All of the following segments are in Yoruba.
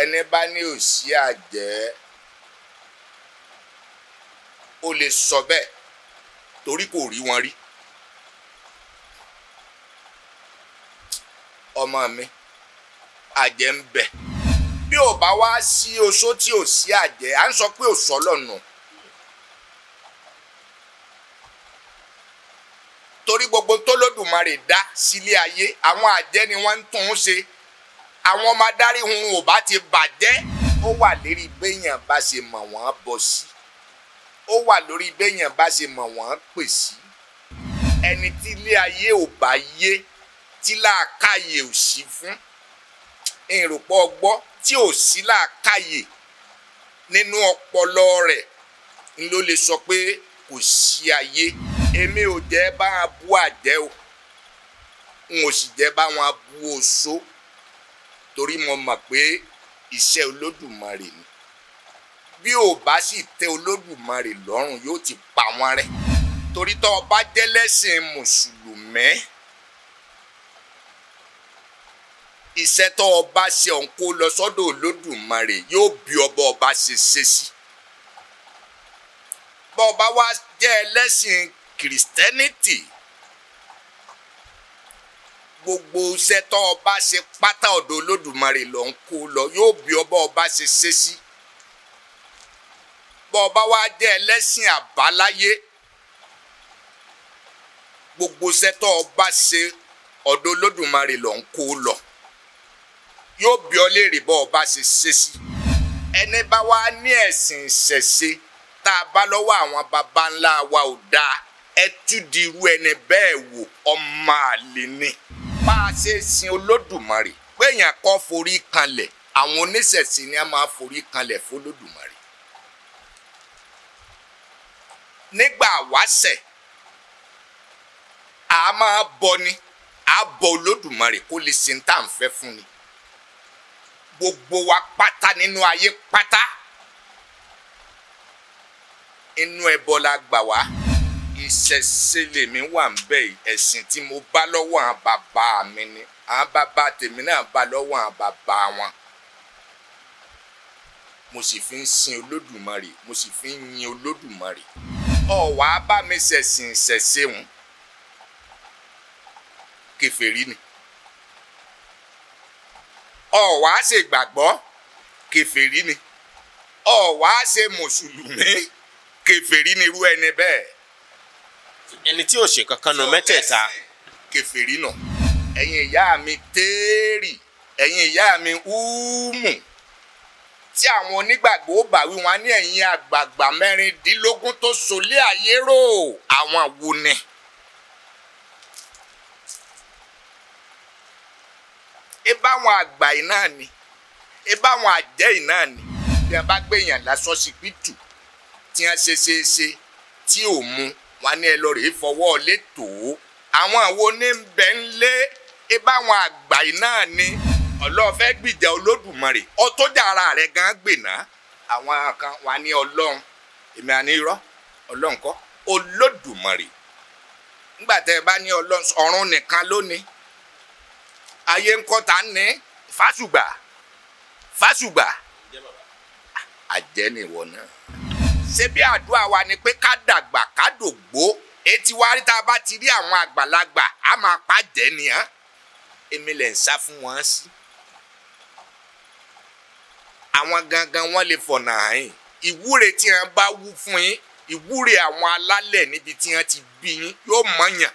ẹni bá ní òsì àjẹ́ ó lè sọ bẹ́ẹ̀ torí kò rí wọn rí ọmọ mi àjẹ́ ń bẹ bí ò bá wá sí oṣó tí ò sí àjẹ́ à ń sọ pé ò sọ lọ́nà. torí gbogbo tólódùmarè dá sílé ayé àwọn àjẹ́ ni wọ́n ń tún un ṣe àwọn ọmọ adarí hun ò bá ti bàjẹ́ ó wà lérí béèyàn bá ṣe mọ̀ wọ́n bọ̀ sí ó wà lórí béèyàn bá ṣe mọ̀ wọ́n pè sí ẹni tí ilé ayé ò bá yé tí làákàyè ò sí fún ìrùpọ̀ ọgbọ́ tí ò sí làákàyè nínú ọpọlọ rẹ̀ n ló lè sọ pé kò sí ayé èmi ò jẹ́ bá wọn bú àjẹ́ o n ò sì jẹ́ bá wọn bú oṣó. So torí mo mọ̀ pé iṣẹ́ olódùmarè ni bí ò bá sì tẹ olódùmarè lọ́rùn yóò ti pa wọ́n rẹ́ torí tó o bá jẹ́ lẹ́sìn mùsùlùmẹ́ iṣẹ́ tó o ṣe ọ̀hún kó lọ sọ́dọ̀ olódùmarè yóò bí ọba ọba ṣe ṣe sí bọ́ ọba wa jẹ́ ẹlẹ́sìn kìrìsìtẹ́nìtì gbogbo iṣẹ́ tó o bá ṣe pátá ọ̀dọ̀ olódùmarè lọ ń kó lọ yóò bí ọ bá o bá ṣe ṣe sí bọ́ ọ bá wá jẹ́ ẹlẹ́sìn àbáláyé gbogbo iṣẹ́ tó o bá ṣe ọ̀dọ̀ olódùmarè lọ ń kó lọ yóò bí ọ léèrè bọ́ ọ ṣe ṣe sí ẹni bá wá ní ẹ̀sìn ìṣẹ̀ṣe tá a bá lọ́wọ́ àwọn baba ńlá wa ò dáa ẹ tú dirú ẹni bẹ́ẹ̀ wò ọmọ àlè ni bá a ṣe sin olódùmarè pé èèyàn kọ́ forí kanlẹ̀ àwọn oníṣẹ̀sìn ni a máa forí kanlẹ̀ fọlódùmarè. nígbà wáṣẹ̀ a máa bọ ni a bọ olódùmarè kó lè ṣe tá à ń fẹ́ fún ni gbogbo wa pátá nínú ayé pátá inú ẹbọ la gbà wá ìṣẹ̀ṣe mi wà ń bẹ̀ ẹ̀sìn tí mo bá lọ́wọ́ àwọn bàbá mi ni àwọn bàbá tèmi náà bá lọ́wọ́ àwọn bàbá wọn mo sì fi ń sin olódùmarè mo sì fi ń yin olódùmarè ọ̀wá bá mi ṣẹ̀sìn ìṣẹ̀ṣe wọn kèfèrí ni ọ̀wá ṣe gbàgbọ́ kèfèrí ni ọ̀wá ṣe mùsùlùmí kèfèrí ni irú ẹni bẹ́ẹ̀ ẹni tí ò ṣe kankan nu mẹ́tẹ̀ẹ̀ta. kèfèrí nà ẹ̀yin ìyá mi téèrì ẹ̀yin ìyá mi húùmù tí àwọn onígbàgbọ́ ó bá wí wọn ní ẹ̀yin àgbààgbà mẹ́rìndínlógún tó sọlé ayé rò àwọn wo ni. ẹ bá wọn àgbà yìí náà ni ẹ bá wọn àjẹ́ yìí náà ni bí a bá gbé èèyàn lásán síbítù tí wọ́n ṣe ṣe ṣe tí ò mu wọn ní ẹ lọ rèé fọwọ́ lé tò ó àwọn àwo ní bẹ́ ń lé e báwọn àgbà yìí náà ni ọlọ́ọ̀fẹ́ gbìjà olódùmarè ọtọ́jà ara rẹ̀ gan gbèná àwọn kan wọn ní ọlọ́run èmi àní irọ́ ọlọ́run kọ́ olódùmarè nígbà tẹ́ ẹ bá ní ọlọ́run ọ̀run nìkan lónìí ayé ńkọ́ ta ní fásùgbà fásùgbà àjẹ́ nìwọ náà. ṣé bí àdúrà wa ni pé ká dàgbà ká dògbó etí wa rí tá a bá ti rí àwọn àgbàlagbà á máa pàjẹ́ nìyẹn èmi lè ń sá fún wọn sí. àwọn gangan wọn lè fọ̀nà hàn ìwúre tí wọn bá wú fún yín ìwúre àwọn alálẹ̀ níbi tí wọn ti bí yín yóò mọ̀yàn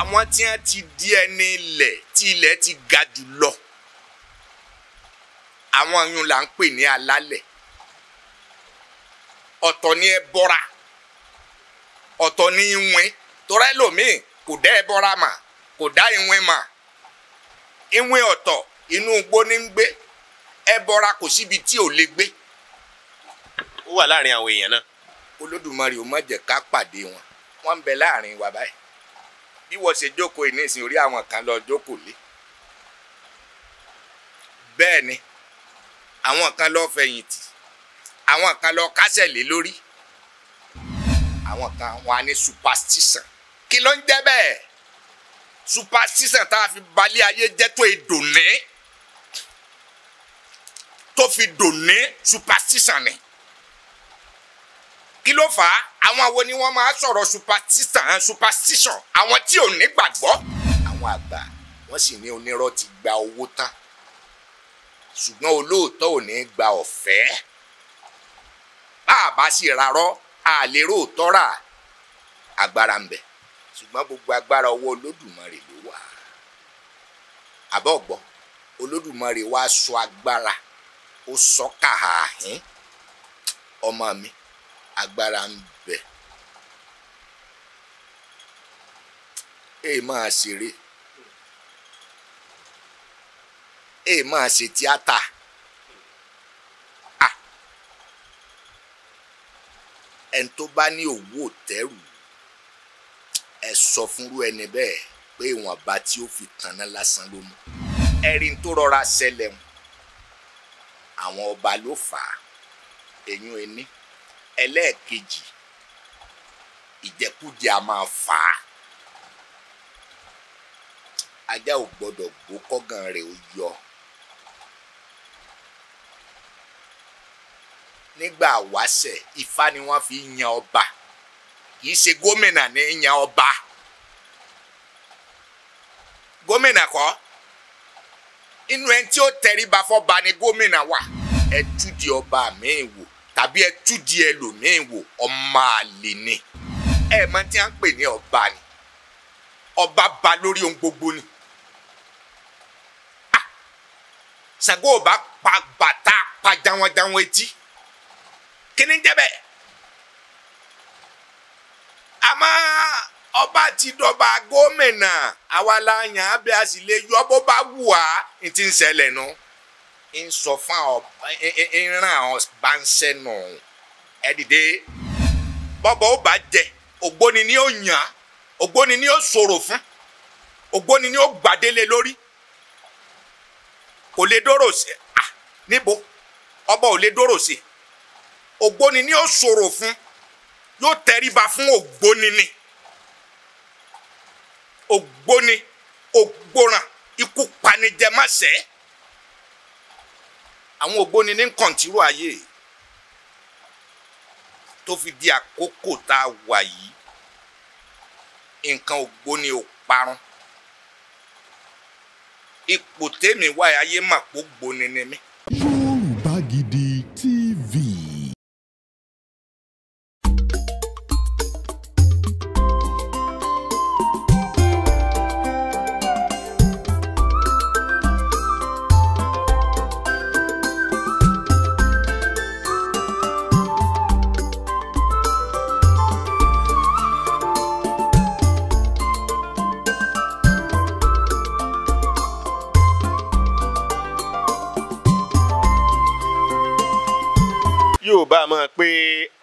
àwọn tí wọn ti di ẹni ilẹ̀ tí ilẹ̀ ti ga jù lọ àwọn yun là ń pè ní alálẹ̀ ọ̀tọ̀ ni ẹ bọ́ra ọ̀tọ̀ ni ìwìn torí ẹlòmíì kò dá ẹ bọ́ra mà kò dá ìwìn mà ìwìn ọ̀tọ̀ inú igbó ní ń gbé ẹ bọ́ra kò síbi tí ò lè gbé. ó wà láàrin àwọn èèyàn náà. olódùmarè ò má jẹ́ ká pàdé wọn wọ́n ń bẹ láàrin wa báyìí bí wọ́n ṣe jókòó ìní ìsìn orí àwọn kan lọ jókòó lé bẹ́ẹ̀ ni àwọn kan lọ fẹ̀yìntì àwọn kan lọ kásẹ̀ lé lórí àwọn kan wọn á ní superstition kí ló ń jẹ́ bẹ́ẹ̀ superstition tá a fi balẹ̀ ayé jẹ́ tó e dòní tó fi dòní superstition ni kí ló fà á àwọn wo ni wọ́n máa sọ̀rọ̀ superstition superstition àwọn tí ò ní gbàgbọ́ àwọn àgbà wọ́n sì ní onírọ́ ti gba owó tán ṣùgbọ́n olóòótọ́ ò ní gba ọ̀fẹ́ bá a bá sì rárọ́ àlérò tọ́ra agbára ń bẹ ṣùgbọ́n gbogbo agbára ọwọ́ olódùmarè ló wà àbọ̀gbọ́ olódùmarè wá sọ agbára ó sọ kàhàhín ọmọ mi agbára ń bẹ èè máa ṣeré èè tíátà. ẹni tó bá ní òwú òtẹ́rù ẹ sọ fúnrú ẹni bẹ́ẹ̀ pé ìwọ̀nba tí ó fi tanná lásán ló mú ẹ̀rín tó rọra ṣẹlẹ̀ ń àwọn ọba ló fà á ẹ̀yún ẹni ẹlẹ́ẹ̀kejì ìjẹkújẹ a máa fà á ajá ò gbọdọ̀ gbó kọ́gàn rẹ̀ ó yọ. nígbà wáṣẹ̀ ifá ni wọ́n fi yan ọba kì í ṣe gómìnà ní yan ọba gómìnà kọ́ inú ẹni tí ó tẹríba fọ́ba ni gómìnà wà ẹ túdi ọba míì wò tàbí ẹ túdi ẹlòmíì wò ọmọ àlè ni ẹ mọ̀ tí a ń pè ní ọba ni ọba ba lórí ohun gbogbo ni ah! Ṣàngó ọba pa bàtà pa jáwọ́jáwọ́ etí. kini jɛ bɛ ama ọba ti dọba gomina awala nya abe asile yɔbɔ ba wua ti n sɛlɛ nu n sɔ fan ɔba n ran ɔ ba n sɛ nu ɛdide bɔbɔ o ba jɛ ogboni ni o nya ogboni ni o soro fun ogboni ni o gbadele lori kò le doro se ah Si ògbóni ni ó ṣòro fún yóò tẹríba fún ògbóni ni ògbóni ògbóràn ikú panijẹmásẹ àwọn ògbóni ní kọ̀ǹtírò ayé tó fi di àkókò tá a wà yìí nǹkan ògbóni ò parun ipò tèmi wáyé ayé mà pọ̀ gbóni ni mí. Yorùbá Gidi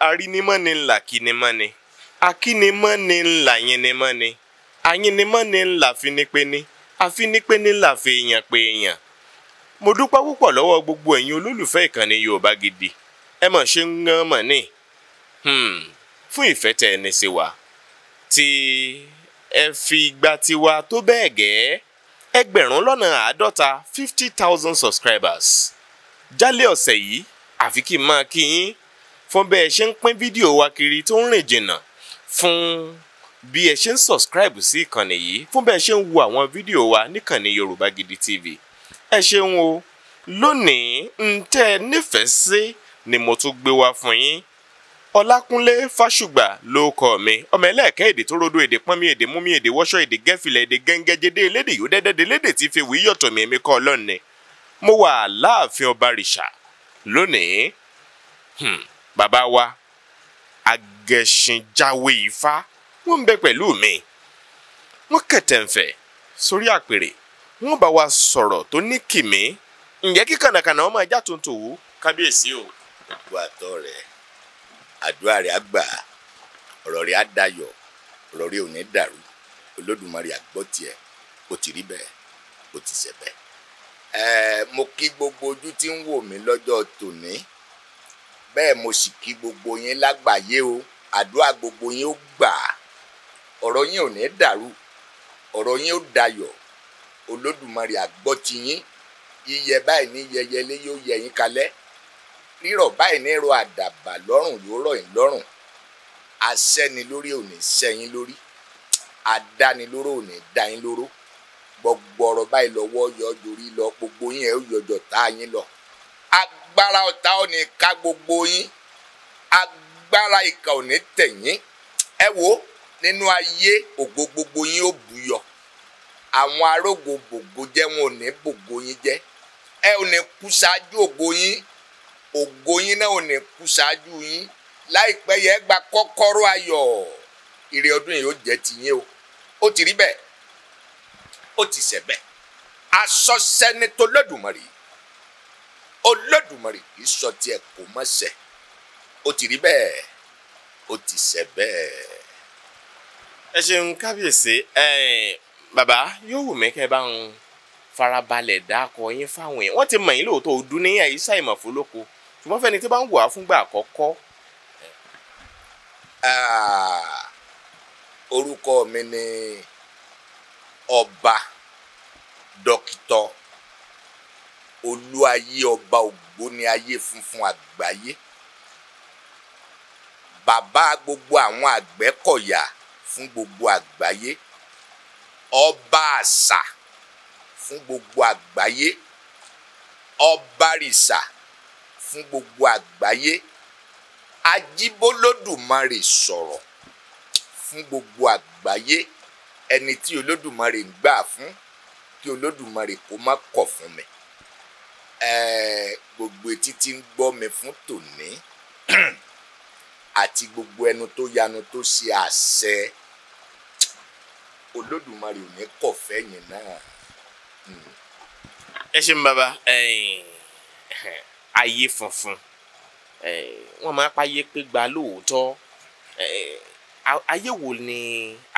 Ari ni ńlá kínimọ́ni akínimọ́ni ńlá yínimọ́ni ayínimọ́ni ńlá finipéni afinipéni ńlá fi èèyàn pé èèyàn. mo dúpẹ́ púpọ̀ lọ́wọ́ gbogbo ẹ̀yin olólùfẹ́ ìkànnì Yorùbá Gidi ẹ mọ̀ ṣe ń gán mọ̀ ní hmm. fún ìfẹ́ tẹ ẹni sí wa tí ẹ fi ìgbà tiwa tó bẹ́ẹ̀ gẹ́ẹ́ ẹgbẹ̀rún lọ́nà àádọ́ta fifty thousand subscribers jálẹ̀ ọ̀sẹ̀ yìí àfi kí n máa kí yín fún bẹ́ẹ̀ ṣe ń pín fídíò wa kiri tó ń rìn jìnnà fún bí ẹ ṣe ń sọ̀scribe sí ìkànnì yìí fún bẹ́ẹ̀ ṣe ń wo àwọn fídíò wa níkànnì Yorùbá Gidi TV ẹ ṣeun o lónìí ń tẹ́ ẹ nífẹ̀ẹ́ sí ni mo tún gbé wá fún yín Ọlákúnlé Fásùgbà ló kọ mi ọmọ ẹlẹ́ẹ̀kẹ́ èdè tó rodo èdè pọ́nmi èdè múmi èdè wọ́ṣọ́ èdè gẹ́fìlẹ̀ èdè gẹ́ngẹ́jẹdé elédè yóò dẹ́dẹ́dẹ́ elédè tí fi wíyọ̀ tọ̀mí èmi kọ́ ọlọ́ọ̀ni mo wà láàfin ọba rìṣà lónìí. Hmm. bàbá wa agẹṣinjáwé ifá wọ́n ń bẹ pẹ̀lú mi wọ́n sori sórí àpèrè wọ́n bá wa sọ̀rọ̀ tó ní kìmí ǹjẹ́ kí kànàkànà ọmọ ẹja tuntun wò kábíyèsí o. gbogbo àtọ rẹ àdúrà rẹ á gbà rẹ á dayọ̀ rẹ dàrú olódùmarè àgbọ tiẹ o ti rí bẹ́ẹ̀ o ti ṣe ẹ mo kí gbogbo ojú tí ń wò mí lọ́jọ́ tòní. bẹ́ẹ̀ mo sì kí gbogbo yín lágbàáyé o àdúrà gbogbo yín ó gbà á ọ̀rọ̀ yín ò ní dàrú ọ̀rọ̀ yín ó dayọ̀ olódùmarè àgbọ́ ti yín yíyẹ báyìí ní yẹyẹlé yóò yẹ yín kalẹ̀ rírọ̀ báyìí ní rọ̀ àdàbà lọ́rùn yóò rọ̀ yín lọ́rùn asẹ́ni lórí ò ní sẹ́yìn lórí adánilóró ò ní dá yín lóró gbogbo ọ̀rọ̀ báyìí lọ́wọ́ yọ dorí lọ gbogbo yín ẹ̀ ó yọjọ tá a yín lọ agbára ọ̀tá ò ní ká gbogbo yín agbára ìkà ò ní tẹ̀ yín ẹ wo nínú ayé ògo gbogbo yín ó bùyọ àwọn arógo gbogbo jẹ́ wọn ò ní bògo yín jẹ́ ẹ ò ní kú ṣáájú ògo yín ògo yín náà ò ní kú ṣáájú yín láìpẹ́ yẹn gba kọ́kọ́rọ́ ayọ̀ ire ọdún yìí ó jẹ́ tiyín o ó ti rí bẹ́ẹ̀ ó ti ṣe bẹ́ẹ̀ asọ́sẹ́ni tó lọ́dùmarè yìí olódùmarè kì í sọ tiẹ̀ kó má ṣẹ ó ti rí bẹ́ẹ̀ ó ti ṣẹ bẹ́ẹ̀. ẹ ṣeun kábíyèsí bàbá yóò wù mí kẹ́ ẹ bá ń farabalẹ̀ dákọ yín fáwọn èèyàn wọ́n ti mọ̀ yín lóòótọ́ ọdún ní àyíṣà ìmọ̀fó lóko ṣùgbọ́n fẹ́ni tí bá ń wà fúngbà àkọ́kọ́. orúkọ mi ni ọba dókítà olúayé ọba ògbóni ayé funfun àgbáyé bàbá gbogbo àwọn àgbẹ̀kọ̀yà fún gbogbo àgbáyé ọba àṣà fún gbogbo àgbáyé ọba rìṣà fún gbogbo àgbáyé ajíbólódùmarè sọ̀rọ̀ fún gbogbo àgbáyé ẹni tí olódùmarè ń gbà fún kí olódùmarè kó má kọ̀ fún mi gbogbo etí tí ń gbọ́ mi fún tòní àti gbogbo ẹnu tó yanu tó ṣe àṣẹ olódùmarè ò ní kọ̀ fẹ́yìn náà. ẹ ṣeun bàbá ayé funfun wọn máa páyé pé gba lóòótọ́ ayé wo ni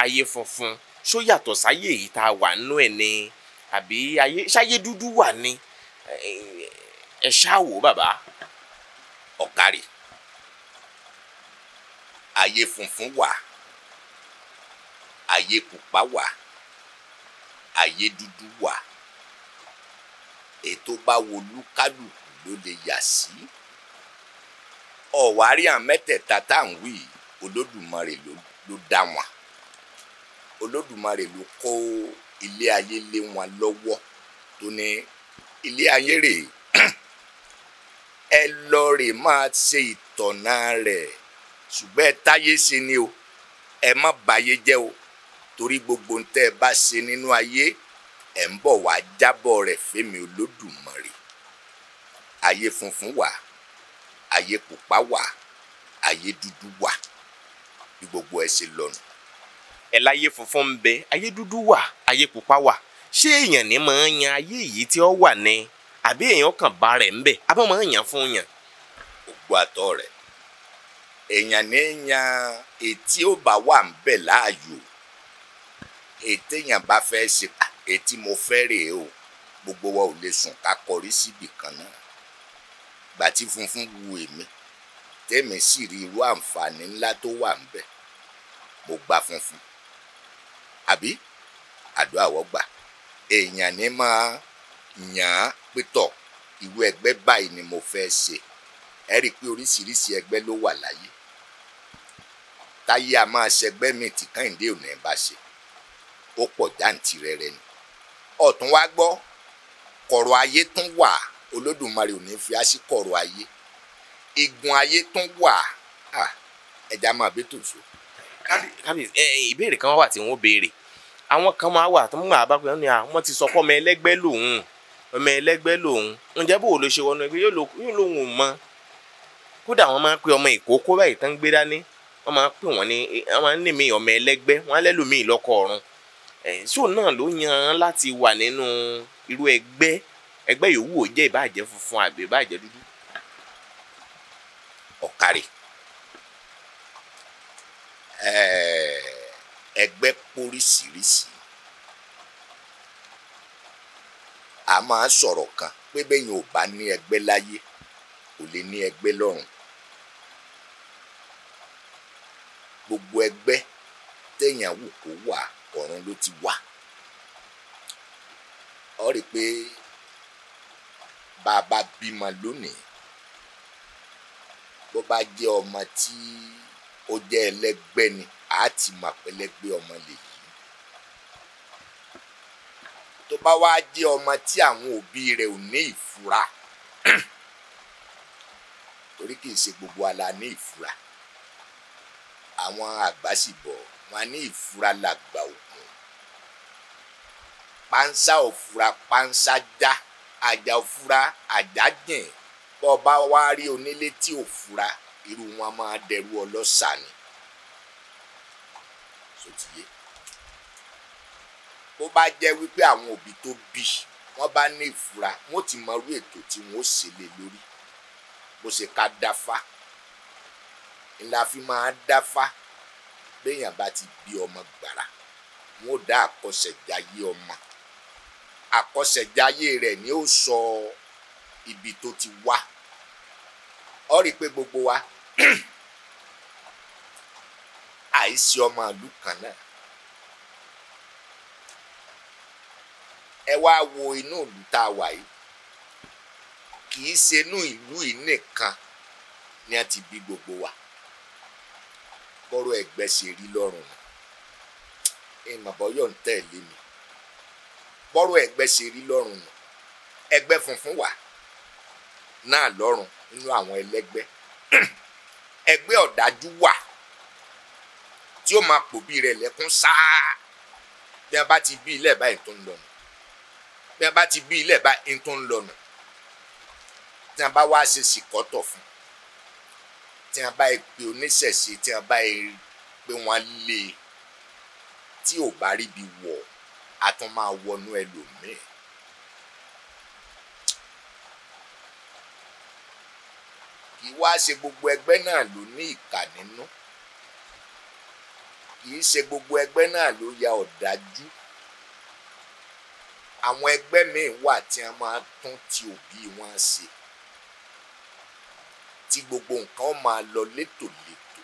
ayé funfun ṣó yàtọ̀ sáyé èyí tá a wà nínú ẹ̀ ni àbí ayé ṣáyé dúdú wà ni ẹ ṣáà wò bàbá ọ̀kárì ayé funfun wà ayé pupa wà ayé dúdú wà ètò bá wo lúkálùkù ló lè yà sí ọ̀wárí àmẹ́tẹ̀ẹ̀ta tá à ń wí olódùmarè ló dá wọn olódùmarè ló kó ilé ayé lé wọn lọ́wọ́ tó ní ilé ayé rè ẹ lọ rè máa ṣe ìtọ̀nà rẹ̀ ṣùgbọ́n ẹ táyé ṣe ni o ẹ má bàyé jẹ́ o torí gbogbo ń tẹ́ ẹ bá ṣe nínú ayé ẹ ń bọ̀ wá jábọ̀ rẹ̀ fẹ́mi olódùmarè ayé funfun wà ayé pupa wà ayé dúdú wà bí gbogbo ẹ ṣe lọ́nu. ẹ̀ láyé funfun ń bẹ ayé dúdú wà ayé pupa wà. ṣé èèyàn ní máa ń yan ayé yìí tí ó wà ní àbí èèyàn kàn bá rẹ̀ ńbẹ̀ abọ́ máa ń yàn fún yàn. gbogbo àtọ rẹ èèyàn ní etí ó bá wà ń bẹ̀ láàyò ètè èèyàn bá fẹ́ etí mo fẹ́ o gbogbo wa ò lè sùn ká kọrí kan náà gbàtí wu èmi sì rí irú àǹfààní ńlá tó mo gba funfun àbí àdó gbà. èèyàn ní máa yàn án pétọ̀ ìwé ẹgbẹ́ báyìí ni mo fẹ́ ṣe ẹ rí i pé oríṣiríṣi ẹgbẹ́ ló wà láyé táyé a máa ṣẹgbẹ́ mi tí Kẹ́hìndé ò ní bá ṣe ó pọ̀ jàǹtìrẹrẹ ni ọ̀tún wá gbọ́ kọ̀rọ̀ ayé tún wà Olódùmarè ò ní fi á sí kọ̀rọ̀ ayé igun ayé tún wà ẹja máa bí tòṣó. ìbéèrè kan wà tí wọ́n béèrè àwọn kan máa wà tó ń gbà bá pé wọ́n ti sọ pé ọmọ ẹlẹ́gbẹ́ lòun ọmọ ẹlẹ́gbẹ́ lòun ǹjẹ́ bò ló ṣe wọnú ẹgbẹ́ yóò lòun ò mọ kódà wọ́n máa ń pe ọmọ ìkókó báyìí tán gbé dání wọ́n máa ń pè wọ́n ní wọ́n máa ń nìmí ọmọ ẹlẹ́gbẹ́ wọ́n á lẹ́lòmíì lọ́kọ̀ ọ̀run ṣó náà ló yan láti wà nínú irú ẹgbẹ́ ẹgbẹ́ yòówù jẹ́ ìbàjẹ́ funfun àbí ìbàjẹ́ dúdú ọ̀kàrẹ̀ ẹ̀ẹ́ ẹgbẹ́ póríṣiríṣi a máa sọ̀rọ̀ kan pé bẹ́yìn ò bá ní ẹgbẹ́ láyé kò lè ní ẹgbẹ́ lọ́run gbogbo ẹgbẹ́ téèyàn wù kó wà ọ̀run ló ti wá ọ rí i pé bàbá bímọ lónìí bó bá jẹ́ ọmọ tí ó jẹ́ ẹlẹ́gbẹ́ ni a ti mọ àpẹlẹgbẹ ọmọ lèyí tó bá wá jẹ ọmọ tí àwọn òbí rẹ ò ní ìfura torí kì í ṣe gbogbo ala ní ìfura àwọn àgbà sì bọ̀ wọ́n ní ìfura làgbà òkun pánsá òfura pánsá já àjà òfura àjà jìn bọ́ọ̀ bá wá rí onílé tí òfura irú wọn máa dẹrú ọlọ́ṣà ni sotiye bó bá jẹ́ wípé àwọn òbí tó bí wọ́n bá ní ìfura wọ́n ti mọ irú ètò tí wọ́n ṣe lé lórí bó ṣe ká dáfá ńlá fi máa dáfá béèyàn bá ti bí ọmọ gbàrà wọn ò dá àkọsẹ̀jáyé ọmọ àkọsẹ̀jáyé rẹ̀ ni ó sọ ibi tó ti wá ọ rí i pé gbogbo wa àìsí ọmọ ìlú kan náà ẹ wo inú ìlú tá a wà yìí kì í ṣe inú ìlú yìí nìkan ni a ti bí gbogbo wa bọ́rọ̀ ẹgbẹ́ ṣe rí lọ́rùn ni ìmọ̀bọ́yọ̀ ń tẹ̀lé mi bọ́rọ̀ ẹgbẹ́ ṣe rí lọ́rùn ni ẹgbẹ́ funfun wà náà lọ́rùn nínú àwọn ẹlẹ́gbẹ́ ẹgbẹ́ ọ̀dájú wà tí ó máa pòbí rẹ̀ lẹ́kún sáá bí a bá ti bí ilẹ̀ báyìí tó ń lọ́nu bí a bá ti bí ilẹ̀ báyìí tó ń lọ́nu tí a bá wá ṣe sìkọ́tọ̀ fún tí a bá pe oníṣẹ̀ṣe tí a bá pe wọn lé e. tí ò bá rí bi wọ̀ a tún máa wọnú ẹlòmíì. kì í wá ṣe gbogbo ẹgbẹ́ náà ló ní ìkà nínú. No? kì í ṣe gbogbo ẹgbẹ́ náà ló ya ọ̀dájú àwọn ẹgbẹ́ míì wà tí wọ́n máa tún ti òbí wọn ṣe tí gbogbo nǹkan máa lọ létòlétò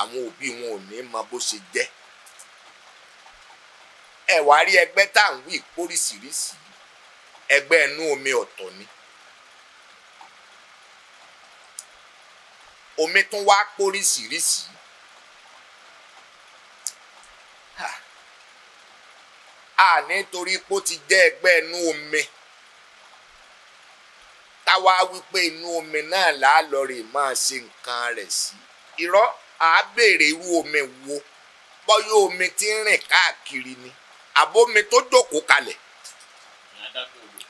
àwọn òbí wọn ò ní mọ bó ṣe jẹ́ ẹ wá rí ẹgbẹ́ tá à ń wí póríṣiríṣi ẹgbẹ́ inú omi ọ̀tọ̀ ni omi tún wá póríṣiríṣi nítorí pé ó ti jẹ́ ẹgbẹ́ inú omi táwa wípé inú omi náà láàlọ́rè máa ṣe nǹkan rẹ̀ sí irọ́ àá béèrè irú omi wo bọ́yọ̀ omi tí ń rìn káàkiri ni omi tó jókòó kalẹ̀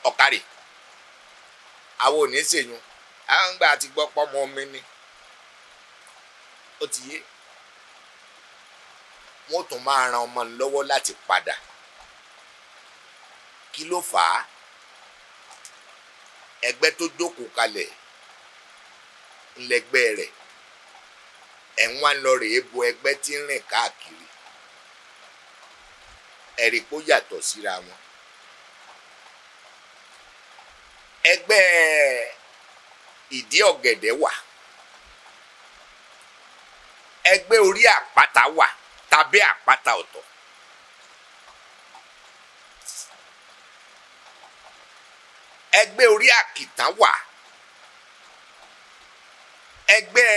ọ̀kàrè àwọn ò ní ṣèyún gbà omi ni ó ti yé ran ọmọ lọ́wọ́ láti padà kí ló fà á ẹgbẹ́ tó jókòó kalẹ̀ ńlẹgbẹ́ rẹ̀ ẹ̀ ń wá lọ rèé bo ẹgbẹ́ tí ń rìn káàkiri ẹ̀rí kó yàtọ̀ síra wọn. ẹgbẹ́ ìdí ọ̀gẹ̀dẹ̀ wà ẹgbẹ́ orí àpáta wà tàbí àpáta ọ̀tọ̀. ẹgbẹ́ orí àkìtàn wà ẹgbẹ́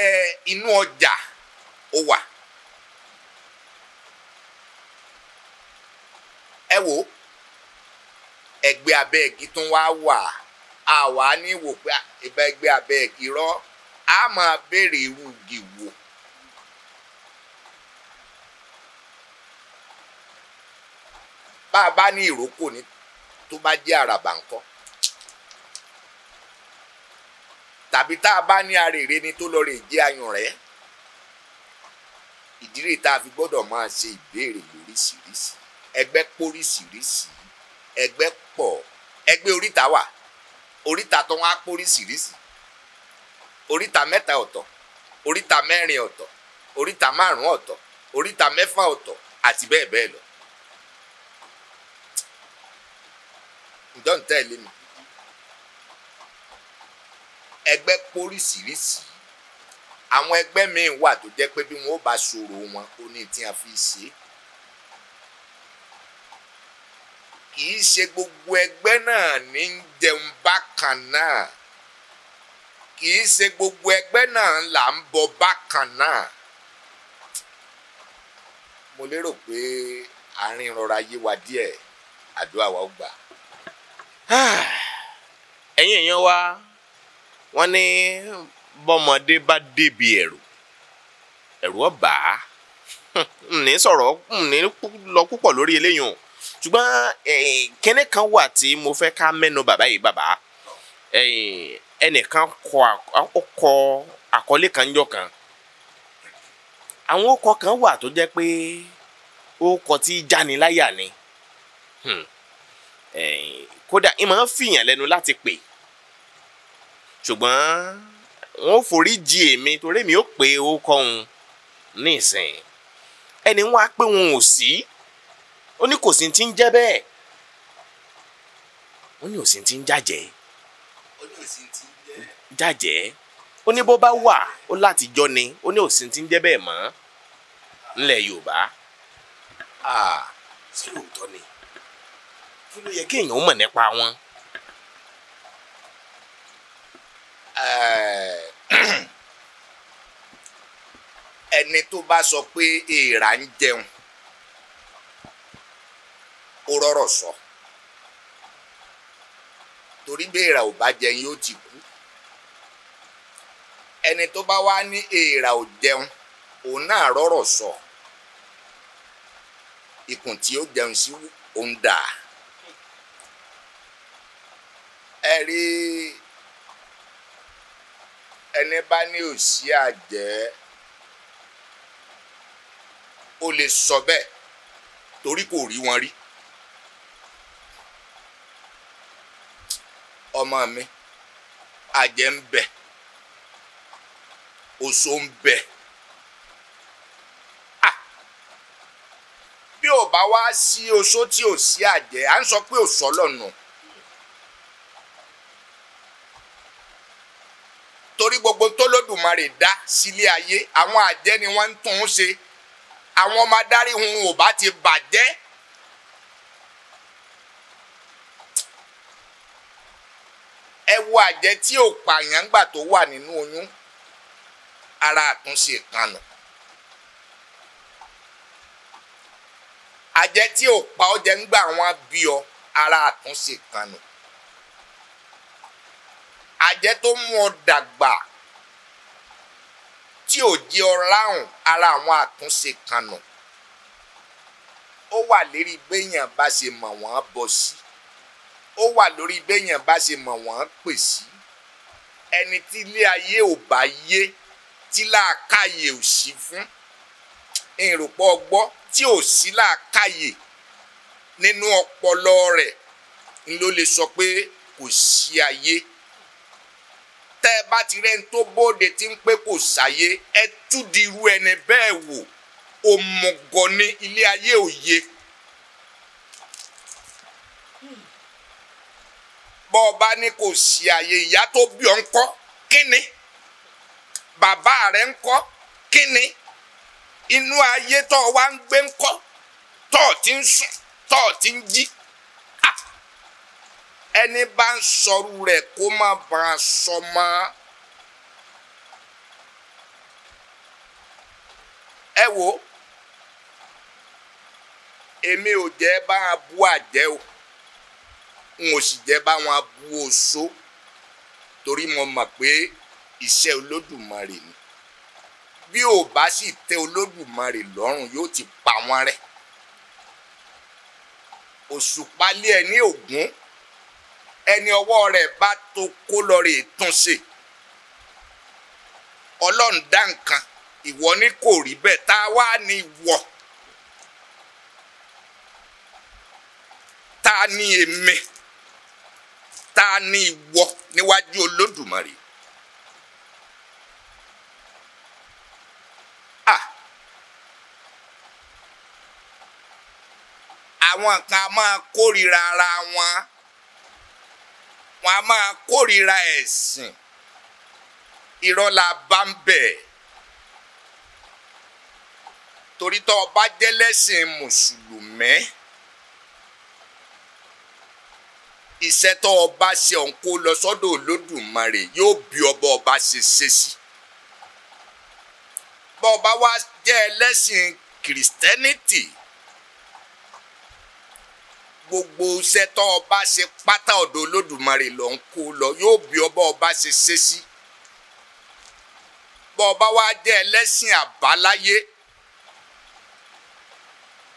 inú ọjà ó wà ẹ wò ó ẹgbẹ́ abẹ́ igi tún wá wà á wà á ní wò pé ìbá ẹgbẹ́ abẹ́ igi rọ́ á máa béèrè irú igi wo. bá a bá ní ìrókò ní tó bá jẹ́ àràbà ńkọ́. tàbí tá a bá ní arèrè ni tó lọ rè jẹ́ ayùn rẹ̀ ìdílé tá a fi gbọ́dọ̀ máa ṣe ìbéèrè lóríṣiríṣi ẹgbẹ́ póríṣiríṣi ẹgbẹ́ pọ̀ ẹgbẹ́ oríta wà oríta tó wá póríṣiríṣi oríta mẹ́ta ọ̀tọ̀ oríta mẹ́rin ọ̀tọ̀ oríta márùn ọ̀tọ̀ oríta mẹ́fà ọ̀tọ̀ àti bẹ́ẹ̀ bẹ́ẹ̀ lọ. ǹjọ́ ń tẹ̀lé mi. ẹgbẹ́ póríṣiríṣi àwọn ẹgbẹ́ egbe wà tó jẹ́ pé bí wọ́n o bá ṣòro wọn ó ní tí a fi ṣe kì í ṣe gbogbo ẹgbẹ́ náà ní ń jẹun bákan náà kì í ṣe gbogbo ẹgbẹ́ náà là ń bọ bákan náà mo lérò pé àárín rọra yé wa díẹ̀ àdúrà wa ó gbà. ẹ̀yin èèyàn wa. wọ́n ní bọ́mọdé bá débi ẹ̀rù ẹ̀rù ọ̀bà ní sọ̀rọ̀ ní lọ púpọ̀ lórí eléyìí o ṣùgbọ́n kíní kan wà tí mo fẹ́ ká mẹ́nu bàbá yìí bàbá ẹnìkan kọ àkọlé kan jọ kan àwọn ọkọ kan wà tó jẹ́ pé ó kọ tí jániláyà ni hmm. kódà ìmọ̀ ń fìyàn lẹ́nu láti pè é ṣùgbọ́n wọn ò forí jì èmi torí mi ò pé ó kọ́ òun ní ìsìn ẹni wọn á pé wọn ò sí ó ní kò sí ti ń jẹ́ bẹ́ẹ̀ ó ní òsì ti ń jàjẹ́ jàjẹ́ ó ní bó bá wà ó láti jọ ni ó ní òsì ti ń jẹ́ bẹ́ẹ̀ mọ́ ńlẹ̀ Yorùbá ah, ṣé lóòótọ́ ni kí ló yẹ kéèyàn mọ̀ nípa wọn. Eh, ẹni tó bá sọ pé èèrà ń jẹun ó rọrọ sọ torí béèrà ò bá jẹun yóò ti kú ẹni tó bá wá ní èèrà ò jẹun òun náà rọrọ sọ ikùn tí ó jẹun sí òun dà ẹ rí ẹni bá ní òsì àjẹ́ ó lè sọ bẹ́ẹ̀ torí kò rí wọn rí. ọmọ mi àjẹ́ ń bẹ òṣò ń bẹ ah! bí ò bá wá sí oṣó tí ò sí àjẹ́ à ń sọ pé òṣó lọ́nà. Olódùmarè dá sílé ayé àwọn àjẹ́ ni wọ́n ń tún un ṣe àwọn ọmọ adarí hun ò bá ti bàjẹ́ ẹ wo àjẹ́ tí ò pààyàn gbà tó wà nínú oyún ara àtúnṣe ìkànnì àjẹ́ tí ò pa ọ́ jẹ ńgbà wọn bí ọ ara àtúnṣe ìkànnì àjẹ́ tó mú ọ dàgbà tí ò jẹ́ ọláhùn ara àwọn àtúnṣe kànù ó wà lérí béèyàn bá ṣe mọ̀ wọ́n bọ̀ sí ó wà lórí béèyàn bá ṣe mọ̀ wọ́n pè sí ẹni tí ilé ayé ò bá yé tí làákàyè ò sí fún ìrùpọ̀ ọgbọ́ tí ò sí làákàyè nínú ọpọlọ rẹ̀ ló lè sọ pé kò sí ayé tẹ́ ẹ bá ti rẹ́ ń tó bóde tí ń pé kò sáyé ẹ túdi irú ẹni bẹ́ẹ̀ wò òmùgọ̀ ní ilé ayé òye. bọ́ ọ bá ní kò sí àyè ìyá tó bí ọ ń kọ́ kíni bàbá rẹ̀ ń kọ́ kíni inú ayé tó wá ń gbé ń kọ́ tó ti ń sùn tó ti ń jí ẹni bá ń sọrú rẹ̀ kó má bàa sọ mọ́ ẹ wò èmi ò jẹ́ bá a bú àjẹ́ o n ò sì jẹ́ bá wọn bú oṣó torí mo mọ̀ pé iṣẹ́ olódùmarè ni bí ò bá sì tẹ olódùmarè lọ́rùn yóò ti pa wọ́n rẹ́ òṣùpá lé ẹ ní ògún ẹni ọwọ́ rẹ̀ bá tó kó lọ rè tún ṣe ọlọ́run dá nǹkan ìwọ ni kò rí bẹ́ẹ̀ tá a wá ní ìwọ tá a ní èmi tá a ní ìwọ níwájú olódùmarè àwọn kan máa kórìíra ara wọn wọn a máa kórìíra ẹ̀sìn irọ́ la bá ń bẹ̀ torí tó o bá jẹ́ lẹ́sìn mùsùlùmí iṣẹ́ tó o bá ṣe ọ̀hún kó lọ sọ́dọ̀ Olódùmarè yóò bí ọba ọba ṣe ṣe sí bọ́ọ̀ bá wá jẹ́ ẹlẹ́sìn kìrìsìtẹ́nìtì gbogbo iṣẹ́ tó o bá ṣe pátá ọ̀dọ̀ olódùmarè lọ ń kó lọ yóò bí ọba ọba ṣe ṣe sí bọ́ ọba wa jẹ́ ẹlẹ́sìn àbáláyé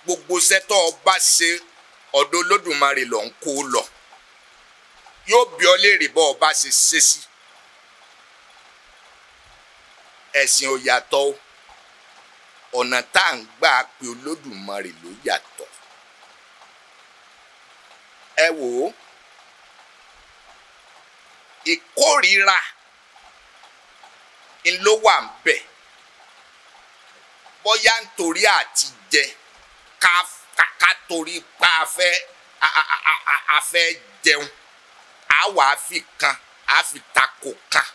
gbogbo iṣẹ́ tó o bá ṣe ọ̀dọ̀ olódùmarè lọ ń kó lọ yóò bí ọ léèrè bọ́ ọba ṣe ṣe sí ẹ̀sìn ò yàtọ̀ ọ̀nà tá à ń gbà pé olódùmarè ló yàtọ̀. ẹ wò ó ìkórìíra ń ló wà ń bẹ̀ bóyá nítorí àti jẹ ká torí pa afẹ́ jẹun á wà á fi kan á fi takò kan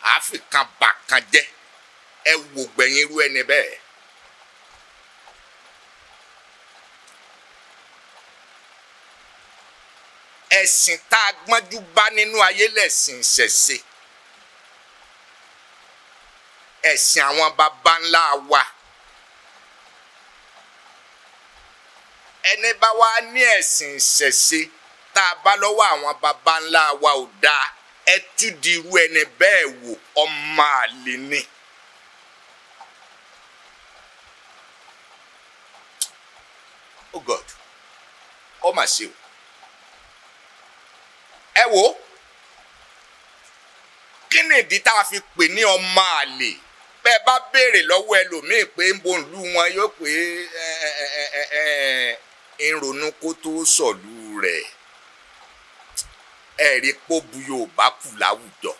á fi kan bà kan ẹ wò gbẹ̀yìn irú ẹni ẹ̀sìn tá a gbọ́njú bá nínú ayé lẹ̀sìn ìṣẹ̀ṣe ẹ̀sìn àwọn baba ńlá wa ẹni bá wá ní ẹ̀sìn ìṣẹ̀ṣe tá a bá lọ́wọ́ àwọn baba ńlá wa ò dáa ẹ túdi irú ẹni bẹ́ẹ̀ wò ọmọ àlè ni. Oh God, ọ mà ṣe o ẹ wò ó kí ni ìdí tá a fi pè ní ọmọ àlè bẹ́ẹ̀ bá béèrè lọ́wọ́ ẹlòmíín pé ń bo ìlú wọn yóò pé ń ronú kó tó sọ̀lú rẹ̀ ẹ̀rí póbu Yorùbá kù láwùjọ.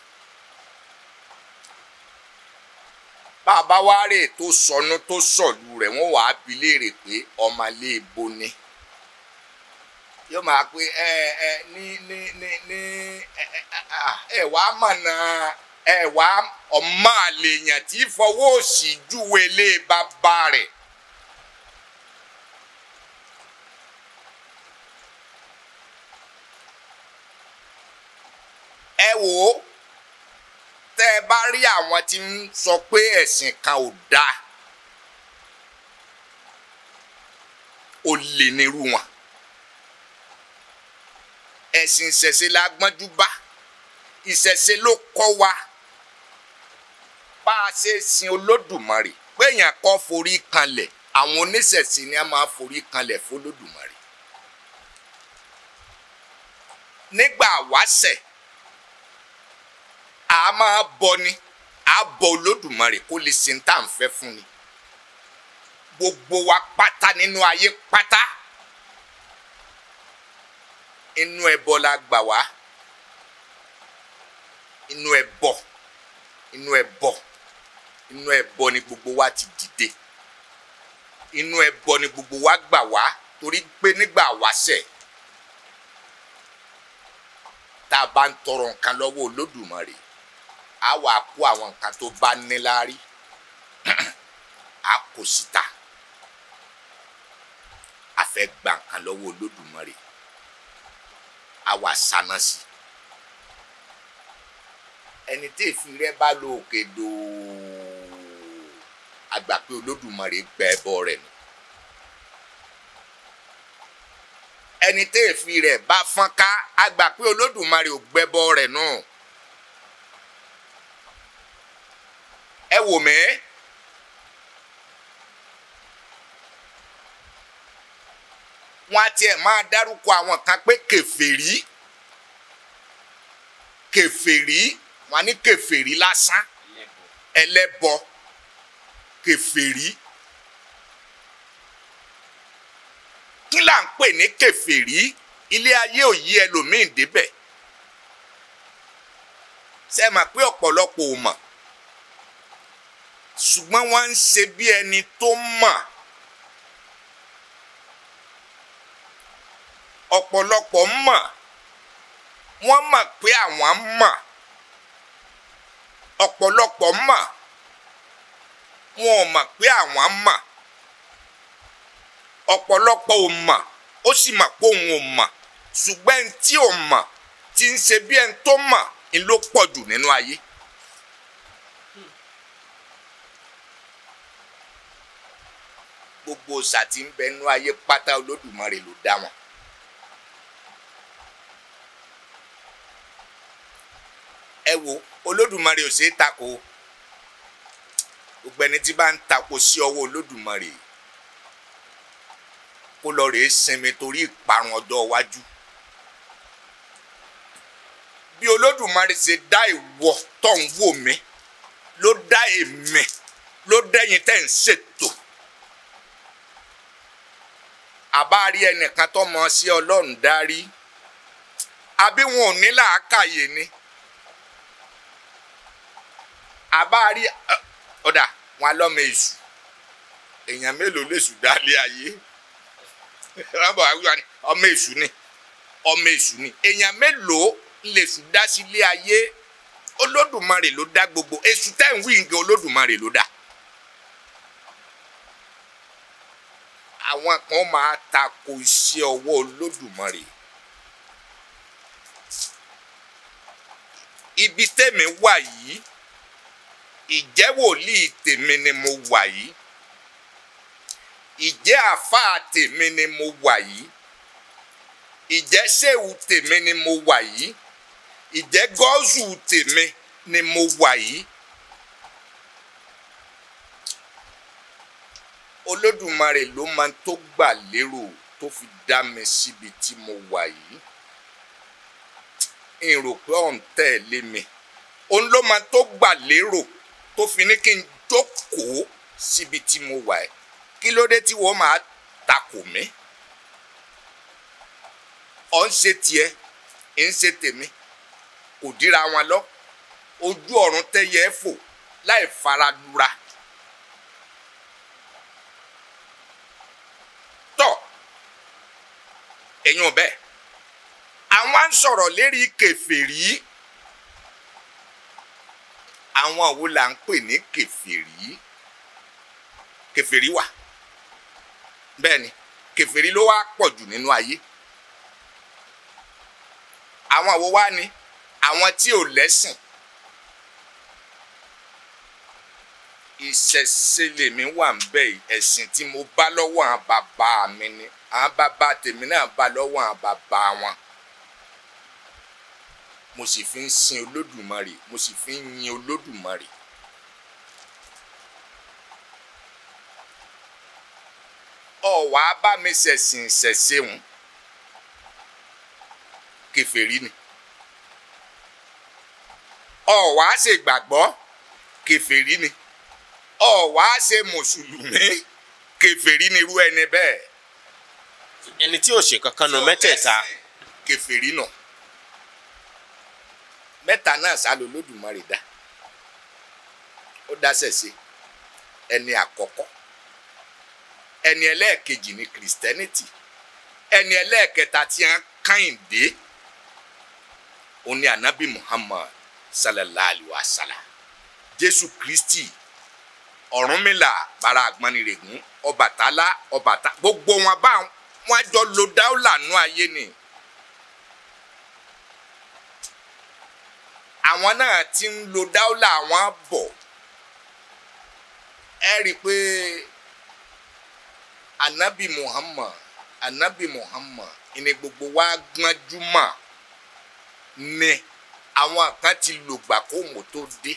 bàbá wa rè tó sọnù tó sọ̀lú rẹ̀ wọ́n wàá bi léèrè pé ọmọ àlè bo ni yóò máa pe ẹ ẹ ní ní ní ní ẹ wàá mọ̀nà ẹ wàá ọmọ àlèyàn tí fọwọ́ òsì júwe lé bàbá rẹ̀. ẹ wò ó tẹ́ ẹ bá rí àwọn tí ń sọ pé ẹ̀sìn kan ò dáa ó lè nírú wọn ẹ̀sìn ìṣẹ̀ṣe la gbọ́njú bá ìṣẹ̀ṣe ló kọ́ wa bá a ṣe sin olódùmarè pé èèyàn kọ́ forí kanlẹ̀ àwọn oníṣẹ̀ṣe ni a máa forí kanlẹ̀ fọlódùmarè nígbà wáṣẹ̀ a máa bọ ni a bọ olódùmarè kó lè ṣe ń tà ń fẹ́ fún ni gbogbo wa pátá nínú ayé pátá inú ẹbọ la gbà wá inú ẹbọ inú ẹbọ inú ẹbọ ni gbogbo wa ti dìde inú ẹbọ ni gbogbo wa gbà wá torí pé nígbà wáṣẹ tá a bá ń tọrọ nǹkan lọ́wọ́ Olódùmarè á wàá kó àwọn nǹkan tó bá níláárí á kó síta a fẹ́ gba nǹkan lọ́wọ́ Olódùmarè àwa sáná sí ẹni tí èéfín rẹ bá lo òkè dòó àgbà pé olódùmarè gba ẹbọ rẹ nù ẹni tí èéfín rẹ bá fọ́n ká àgbà pé olódùmarè ò gbẹbọ rẹ nù ẹ wò mí. wọn á tiẹ̀ máa dárúkọ àwọn kan pé kèfèrí kèfèrí wọn ní kèfèrí lásán ẹlẹ́bọ kèfèrí kí là ń pè ní kèfèrí ilé ayé ò yí ẹlòmíín débẹ̀ ṣe mà pé ọ̀pọ̀lọpọ̀ ò mọ̀ ṣùgbọ́n wọ́n ń ṣe bí ẹni tó mọ̀. ọ̀pọ̀lọpọ̀ mọ̀ wọ́n mọ̀ pé àwọn mọ̀ ọ̀pọ̀lọpọ̀ mọ̀ wọn ò mọ̀ pé àwọn mọ̀ ọ̀pọ̀lọpọ̀ ò mọ̀ ó sì mọ̀ pé òun ò mọ̀ ṣùgbọ́n ẹni tí ò mọ̀ ti ń ṣe bí ẹni tó mọ̀ ni ló pọ̀ jù nínú ayé. gbogbo ọ̀sà tí ń bẹ nínú ayé pátá Olódùmarè ló dá wọn. ẹ wo olódùmarè ò ṣeé takò gbogbo ẹni tí bá ń takò sí ọwọ́ olódùmarè kó lọ rèé sinmi torí ìparun ọjọ́ iwájú bí olódùmarè ṣe dá ìwọ tó ń wò mí ló dá èmi ló dẹ́yìn tẹ́ ń ṣètò àbá ẹnìkan tó mọ̀ sí ọlọ́run dárí àbí wọn ò ní làákàyè ni àbárí ọ̀dà wọn alọ́mọ èṣù èèyàn mélòó lèṣù dálé ayé rábọ̀ àwíwá ni ọmọ èṣù ni ọmọ èṣù ni èèyàn mélòó lèṣù dá sílé ayé olódùmarè ló dá gbogbo èṣù tẹ́ ń wí nǹkan olódùmarè ló dá. àwọn kan máa tako iṣẹ́ ọwọ́ olódùmarè. ibi tẹ́mi wà yìí ìjẹ́ wòlíì tèmi ni mo wà yìí ìjẹ́ àáfàá tèmi ni mo wà yìí ìjẹ́ ṣéwù tèmi ni mo wà yìí ìjẹ́ gọ́ọ̀sù tèmi ni mo wà yìí. olódùmarè ló máa ń tó gbà lérò tó fi dá mi síbi tí mo wà yìí n rò pé ọ̀n tẹ̀lé mi òun ló máa ń tó gbà lérò tó fi ní kí n jókòó síbi tí mo wà ẹ́ kí ló dé tí wọ́n máa takò mí ọ̀ ń ṣe tiẹ̀ ń ṣe tèmi kò dira wọn lọ ojú ọ̀run tẹ́yẹ fò láì faradura. tọ́ ẹ̀yin ọ̀bẹ àwọn à ń sọ̀rọ̀ lérí kèfèrí àwọn wo là ń pè ní kèfèrí kèfèrí wà bẹ́ẹ̀ ni kèfèrí ló wá pọ̀ jù nínú ayé àwọn wo wá ni àwọn tí ò lẹ́sìn ìṣẹ̀ṣe lèmi wà ń bẹ̀ ẹ̀sìn tí mo bá lọ́wọ́ àwọn bàbá mi ni àwọn bàbá tèmi náà bá lọ́wọ́ àwọn bàbá wọn mo sì fi ń sin olódùmarè mo sì fi ń yin olódùmarè. ọ̀wá bá mi ṣẹ̀sìn ṣẹ̀ṣẹ̀hùn kèfèrí ni ọ̀wá ṣe gbàgbọ́ kèfèrí ni ọ̀wá ṣe mùsùlùmí kèfèrí ni irú ẹni bẹ́ẹ̀. ẹni tí ò ṣe kankan nu mẹ́tẹ̀ẹ̀ta kèfèrí náà mẹ́ta náà sálò lódùmarè dá ó dá sẹ̀sẹ̀ ẹni àkọ́kọ́ ẹni ẹlẹ́ẹ̀kejì ní christianity ẹni ẹlẹ́ẹ̀kẹta tí a kàìndé ó ní anabi muhammad sallallahu alayhi wa sallam jésù kristi ọ̀rúnmìlà bara àgbọnnìrègún ọbàtálá ọbàtá gbogbo wọn bá wọn jọ lo dáúlà nú ayé ni. àwọn náà ti ń lo dáúlà àwọn bọ̀ ẹ rí i pé anabi Muhammad anabi Muhammad ìní gbogbo wa gbọ́njúmọ̀ ni àwọn kan ti lò gbà kó mò tó dé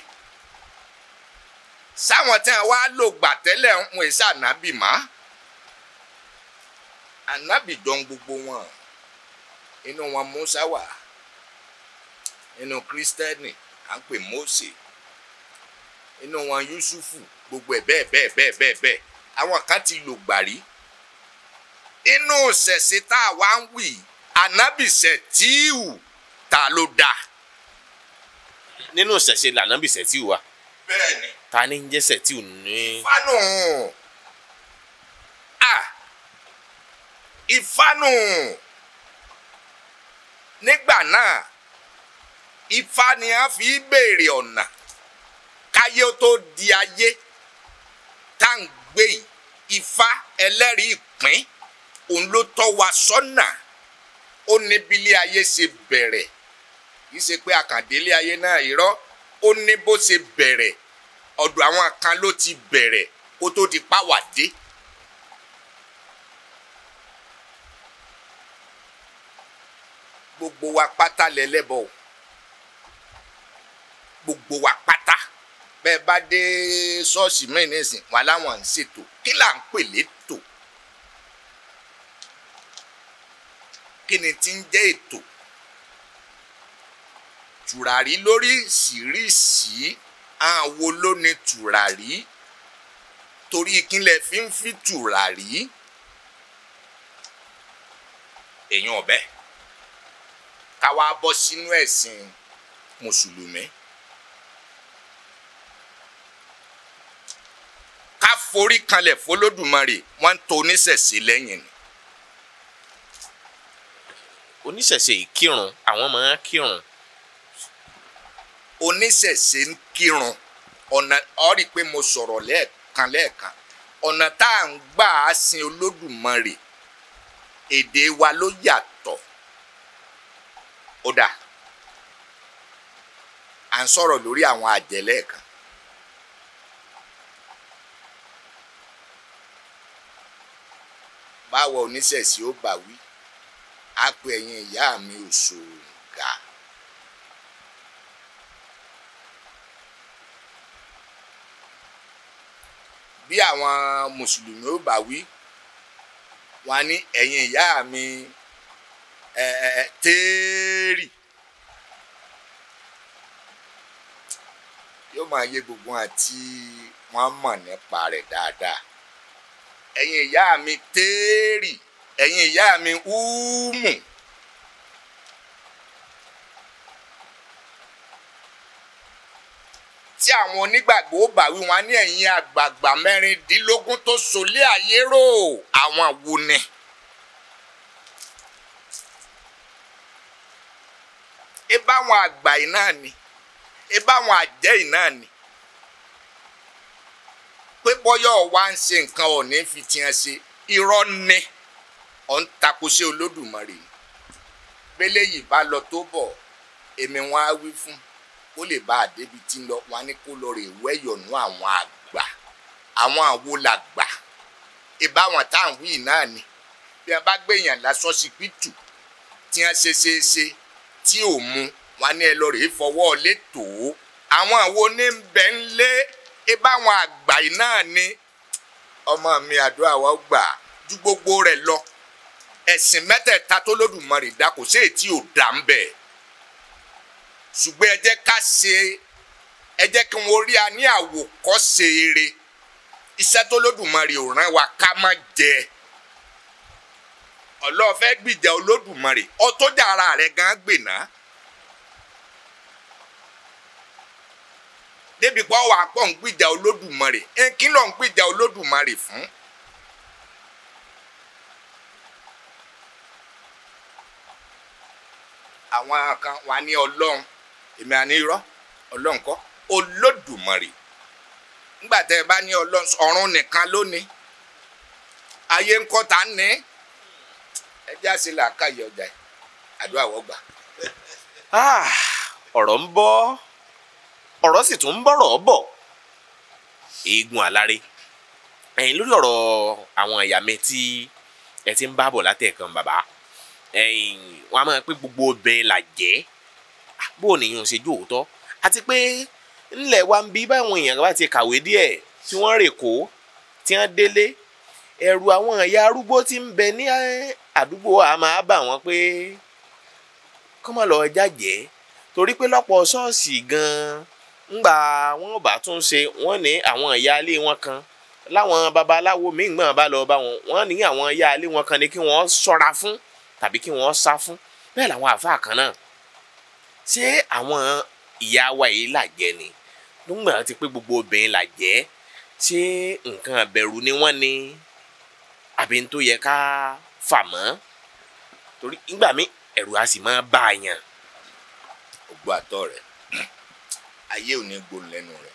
sáwọn tí wọn wá lò gbà tẹ́lẹ̀ ń pè sí anabi mọ́ anabi dán gbogbo wọn inú wọn Musa wà nínú kristẹni à ń pè Mósè nínú wọn Yusufu gbogbo ẹ bẹ́ẹ̀ bẹ́ẹ̀ bẹ́ẹ̀ bẹ́ẹ̀ bẹ́ẹ̀ àwọn kan ti lò gbàrí inú ṣẹ̀ṣẹ̀ tá a wá ń wì ànábìṣẹ̀ tíìwù ta ló dá. nínú ṣẹ̀ṣẹ̀ lànábìṣẹ̀ tíìwù wa. bẹ́ẹ̀ni. ta ni ń jẹ́ ṣẹ̀tíìwù ní. ìfánù a ìfánù nígbà náà ifá ni a fi béèrè ọ̀nà káyé ó tó di ayé tá à ń gbé ifá ẹlẹ́rìí ìpín òun ló tọ́ wa sọ́nà ó ní bílé ayé ṣe bẹ̀rẹ̀ kì í ṣe pé àkàndélé ayé náà irọ́ ó ní bó ṣe bẹ̀rẹ̀ ọ̀dọ̀ àwọn kan ló ti bẹ̀rẹ̀ kó tó di páwàdé. gbogbo wa pátá lẹ́lẹ́bọ̀ gbogbo wa pátá bẹ́ẹ̀ bá dé ṣọ́ọ̀ṣì mẹ́rin nísìn wọn láwọn ń ṣètò kí là ń pè létò kí ni ti ń jẹ́ ètò tùràrí lóríṣiríṣi àwo ló ní tùràrí torí ìkínlẹ̀ fi ń fi tùràrí èèyàn ọ̀bẹ ká wá sínú ẹ̀sìn mùsùlùmí. forí kanlẹ̀ fọlọ́dùmarè wọ́n ń to oníṣẹ̀ṣe lẹ́yìn ni. oníṣẹ̀ṣe ìkírun àwọn máa ń kírun. oníṣẹ̀ṣe ń kírun ọ̀nà ó rí i pé mo sọ̀rọ̀ lẹ́ẹ̀kan lẹ́ẹ̀kan ọ̀nà tá à ń gbà á sin olódùmarè èdè wa ló yàtọ̀ ó dà à ń sọ̀rọ̀ lórí àwọn àjẹ́ lẹ́ẹ̀kan báwọ oníṣẹ̀ṣe ó bà wí á pe ẹ̀yin ìyá mi òṣòǹgà. bí àwọn mùsùlùmí ó bà wí wọn ní ẹ̀yin ìyá mi téèrì yóò máa yé gbogbo àti wọn mọ̀ nípa rẹ̀ dáadáa ẹ̀yin ìyá mi téèrì ẹ̀yin ìyá mi úmù. tí àwọn onígbàgbọ́ ó bá wí wọn ní ẹ̀yin àgbààgbà mẹ́rìndínlógún tó solé ayé rò àwọn wo ni. ẹ bá wọn àgbà yìí náà ni ẹ bá wọn àjẹ́ yìí náà ni pé bọ́yọ̀ wá ń ṣe nǹkan ò ní fi tiẹ̀ ṣe irọ́ ní ọ̀ ń takò sí olódùmarè bẹ́lẹ̀ yìí bá lọ tó bọ̀ èmi wọn á wí fún kó lè bá a débi tí ń lọ wọn á ní kó lọ rè wẹ́ yọ̀nù àwọn àgbà àwọn àwo làgbà ìbáwọn tá à ń wí náà ni bí wọn bá gbèyàn lásán sí pítù tí wọn ṣe ṣe ṣe tí ò mu wọn á ní ẹ lọ rè é fọwọ́ létòó àwọn àwo ní bẹ́ńlẹ́. ibà àwọn àgbà yìí náà ni ọmọ mi àdúrà wa gbà ju gbogbo rẹ lọ ẹsìn mẹ́tẹ̀ẹ̀ta tó lódùmarè dá kò sí ètí ò dá ń bẹ̀ ṣùgbọ́n ẹ jẹ́ ká ṣe ẹ jẹ́ kí wọ́n rí a ní àwòkọ́ṣe eré iṣẹ́ tó lódùmarè ò rán wa ká má jẹ ọlọ́ọ̀fẹ́ gbìjà olódùmarè ọtọ́jà ara rẹ̀ gan gbìnà. débi pọ́ wà pọ̀ ń gbìjà olódùmarè kí ló ń gbìjà olódùmarè fún. àwọn kan wà ní ọlọ́run èmi àní irọ́ ọlọ́run kọ́ olódùmarè nígbà tẹ́ ẹ bá ní ọlọ́run ọ̀run nìkan lónìí ayé ńkọ́ ta ní ẹ jẹ́ àṣẹ làákàyè ọjà yìí àdúrà wọ́gbà. Ah, ọ̀rọ̀ ń bọ́. ọ̀rọ̀ sì tún ń bọ̀rọ̀ bọ̀ eégún aláré ẹ̀yin lórí ọ̀rọ̀ àwọn ẹ̀yà mi tí ẹ ti ń bá bọ̀ látẹ̀kan bàbá ẹ̀yin wọn a máa pé gbogbo obìnrin là jẹ́ ah, bó o nìyẹn ṣe jó òótọ́ àti pé ńlẹ̀ wa ń bí báwọn èèyàn bá ti kàwé díẹ̀ tí wọ́n rè kó tí wọ́n délé ẹ̀rù àwọn ẹ̀yà arúgbó ti ń bẹ ní àdúgbò a máa bà wọ́n pé kọ́mọ lọ jàjẹ́ torí pé lọ́pọ̀ ṣọ́ọ̀ṣì gan-an ńgbà wọn ò bá tún ṣe wọn ní àwọn ìyáálé wọn kan láwọn babaláwo míì gbọ́n bá lọ bá wọn wọn ní àwọn ìyáálé wọn kan ni kí wọ́n ṣọ́ra fún tàbí kí wọ́n sá fún bẹ́ẹ̀ làwọn àáfàá kan náà ṣé àwọn ìyá wa yìí làjẹ́ ni nígbà tí pé gbogbo obìnrin làjẹ́ ṣé nǹkan àbẹ̀rù ni wọ́n ni àbí tó yẹ ká fà mọ́ torí nígbà míì ẹ̀rù a sì máa bá a yàn. ògbó àtọ rẹ ayé ò ní gbòòrò lẹ́nu rẹ̀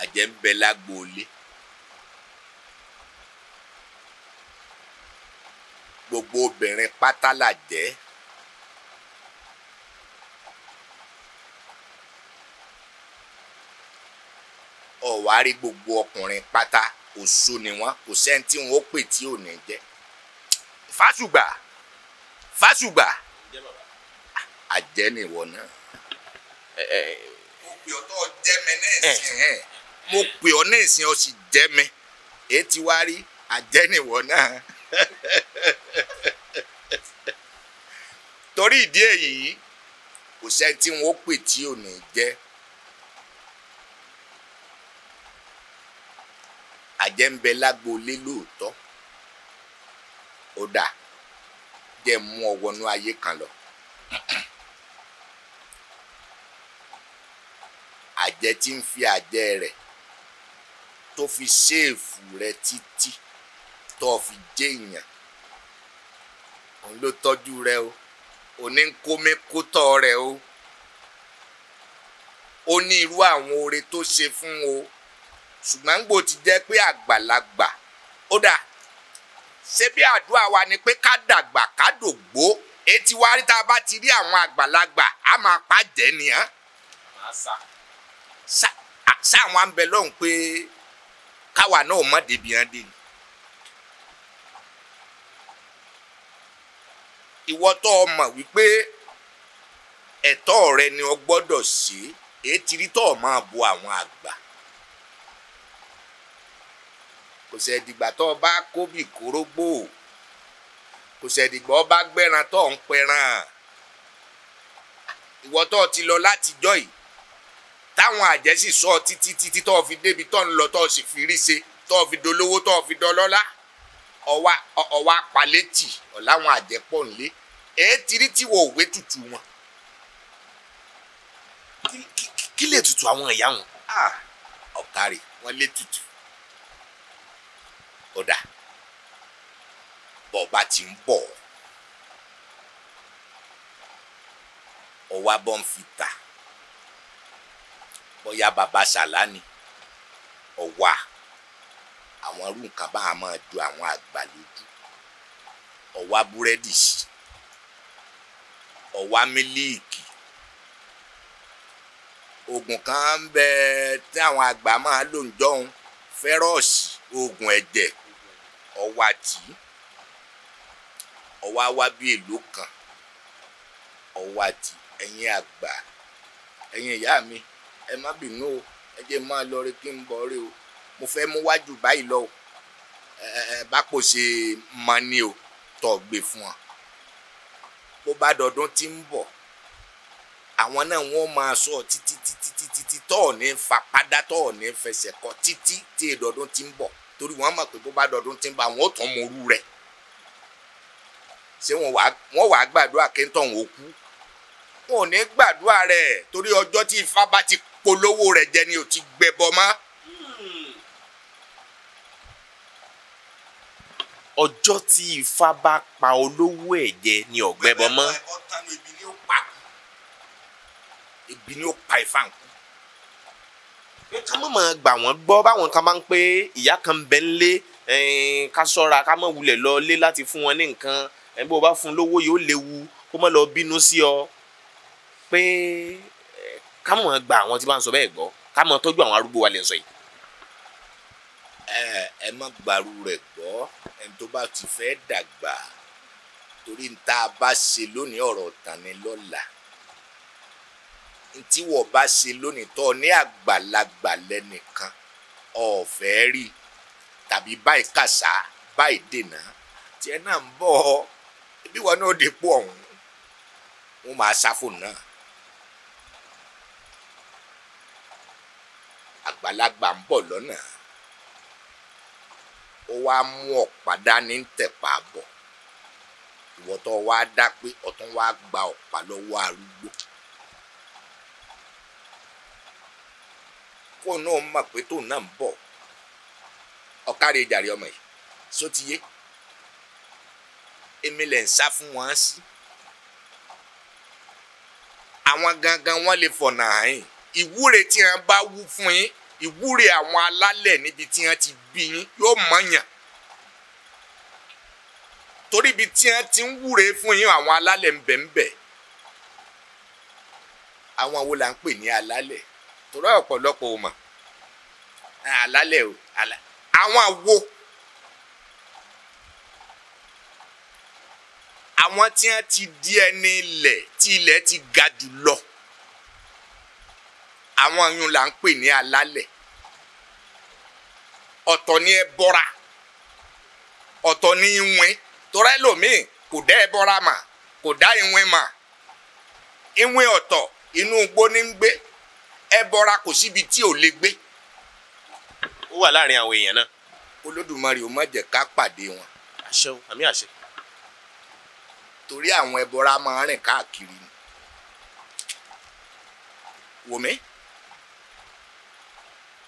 àjẹ́ ń bẹ lágbóolé gbogbo obìnrin pátá làjẹ́ ọ̀wárí gbogbo ọkùnrin pátá òṣó ni wọ́n kò sẹ́ni tí wọ́n ó pè tí ò ní jẹ́ fásùgbà fásùgbà. Yeah, àjẹ́ nìwọ náà. mo pè ọ́ tó jẹ́ mi ní ìsìn. mo pè ọ ní ìsìn ọ sì jẹ mẹ èyí ti wá rí àjẹ́ nìwọ náà. torí ìdí èyí kò sẹ́ni tí wọ́n pè tí ò ní ń bẹ ó dà mú ọ wọnú ayé kan lọ. àjẹ tí ń fi àjẹ rẹ̀ tó fi ṣéèfù rẹ̀ títí tó fi jẹ́ èèyàn òun ló tọ́jú rẹ̀ o òní ń kómi kótọ́ rẹ̀ o ó ní irú àwọn oore tó ṣe fún o ṣùgbọ́n gbò ti jẹ́ pé àgbàlagbà ó dà ṣé bí àdúrà wa ni pé ká dàgbà ká dògbó etí wa rí tá a bá ti rí àwọn àgbàlagbà á máa pàjẹ́ nìyẹn sáwọn àǹbẹ̀ lọ́hùn pé káwa náà mọ̀ débi hàn dé ni. ìwọ tó o mọ̀ wípé ẹ̀tọ́ rẹ ni o gbọ́dọ̀ ṣe ètí rí tó o máa bo àwọn àgbà kò sẹ́dìgbà tó o bá kóbì kórógbò kò sẹ́dìgbà o bá gbẹ́ran tó o ń pẹran ìwọ tó o ti lọ látijọ́ yìí táwọn àjẹ́ sì sọ títí títí tó fi débi tó ń lọ tó sì fi rí ṣe tó fi dolówó tó fi dọlọ́lá ọwá ọwá palétì ọ̀làwọn àjẹ́ pọ̀ nílé ẹ̀ ti rí tiwọ̀ òwe tutù wọn. kí lè tutù àwọn ìyá wọn ọ̀kárì wọn lè tutù ọ̀dà bọ̀ọ̀bá ti ń bọ̀ ọ̀wá bọ́ ń fi ta bóyá baba salani, ni ọ̀wà àwọn irú nǹkan bá a máa ju àwọn àgbà lójú ọ̀wà búrẹ́dì sí ọ̀wà mílíìkì oògùn kan ń bẹ tí àwọn àgbà máa lò ń jọun fẹ́rọ̀ọ̀sì oògùn ẹ̀jẹ̀ ọ̀wà tì í wá bí èlò kan ọ̀wà tì ẹ̀yin àgbà ẹ̀yin ìyá mi ẹ má bínú o ẹ jẹ́ máa lọ rí kí n bọ̀ rí o mo fẹ́ mú wájú báyìí lọ o ẹ bá pò ṣe mọ ni o tọ̀ gbé fún ọ bó bá dọdún tí ń bọ̀ àwọn náà wọ́n máa sọ títí títí títí tí tọ́ ní fa padà tọ́ ní fẹsẹ̀ kọ títí tí ìdọ̀dún ti ń bọ̀ torí wọ́n mọ̀ pé bó bá dọ̀dún ti ń bọ̀ àwọn ò tán mọ orú rẹ̀ ṣé wọ́n wàá gbàdúrà kí n tọ̀ wọ́n kú wọn ò ní gbàdúrà rẹ̀ torí ọjọ́ tí ifá bá ti kú polówó rẹ̀ jẹ ni ò ti gbẹbọ mọ́. ọjọ́ tí ifá bá pa olówó ẹ̀ jẹ ni ọ̀gbẹ́bọ mọ́. ibi ni ó pa ifá nkú. ká mọ̀ mọ̀ gbà wọ́n gbọ́ báwọn kan máa ń pé ìyá kan bẹ́ ń lé ká ṣọ́ra ká mọ̀ wulẹ̀ lọ lé láti fún wọn ní nǹkan bó o bá fún lówó yóò léwu kó má lọ bínú sí ọ pé ká mọ̀ gba àwọn tí bá ń sọ bẹ́ẹ̀ gbọ́ ká mọ̀ tọ́jú àwọn arúgbó wa lè sọ yìí. ẹ ẹ má gbàrú rẹ̀ gbọ́ ẹni tó bá ti fẹ́ dàgbà torí n tá a bá ṣe lónìí ọ̀rọ̀ tánilọ́la tí wọ́n bá ṣe lónìí tó ní àgbàlagbà lẹ́nìkan ọ̀fẹ́ rí tàbí báyìí kàṣá báyìí dènà tiẹ̀ náà ń bọ̀ ọ́ bí wọn náà dépò ọ̀hún wọn máa ṣàfò náà. àgbàlagbà ń bọ̀ lọ́nà ó wá mú ọ̀pá dání ń tẹ̀pá bọ̀ ìwọ tó wá dá pé ọ̀tún wá gba ọ̀pá lọ́wọ́ arúgbó kó náà mọ̀ pé tóun náà ń bọ̀ ọ̀kárẹ̀ ìjàre ọmọ yìí sótìyé èmi lè ń sá fún wọn sí àwọn gangan wọn lè fọ̀nà àyìn ìwúre tí wọn bá wú fún yín ìwúre àwọn alálẹ̀ níbi tí wọn ti bí yín yóò mọ̀yàn torí ibi tí wọn ti ń wúre fún yín àwọn alálẹ̀ ń àwọn wo la ń pè ní alálẹ̀ torí ọ̀pọ̀lọpọ̀ ò mọ̀ ah, alálẹ̀ o àwọn àwo àwọn tí wọn ti di ẹni ilẹ̀ tí ilẹ̀ ti ga jù lọ. àwọn yun là ń pè ní alálẹ̀ ọ̀tọ̀ ni ẹ bọ́ra ọ̀tọ̀ ni ìwìn torí kò dá ẹ bọ́ra mà kò dá ìwìn mà ìwìn ọ̀tọ̀ inú igbó ní ń gbé ẹ bọ́ra kò síbi tí ò lè gbé. ó wọn. àṣẹ o àmì àṣẹ. torí àwọn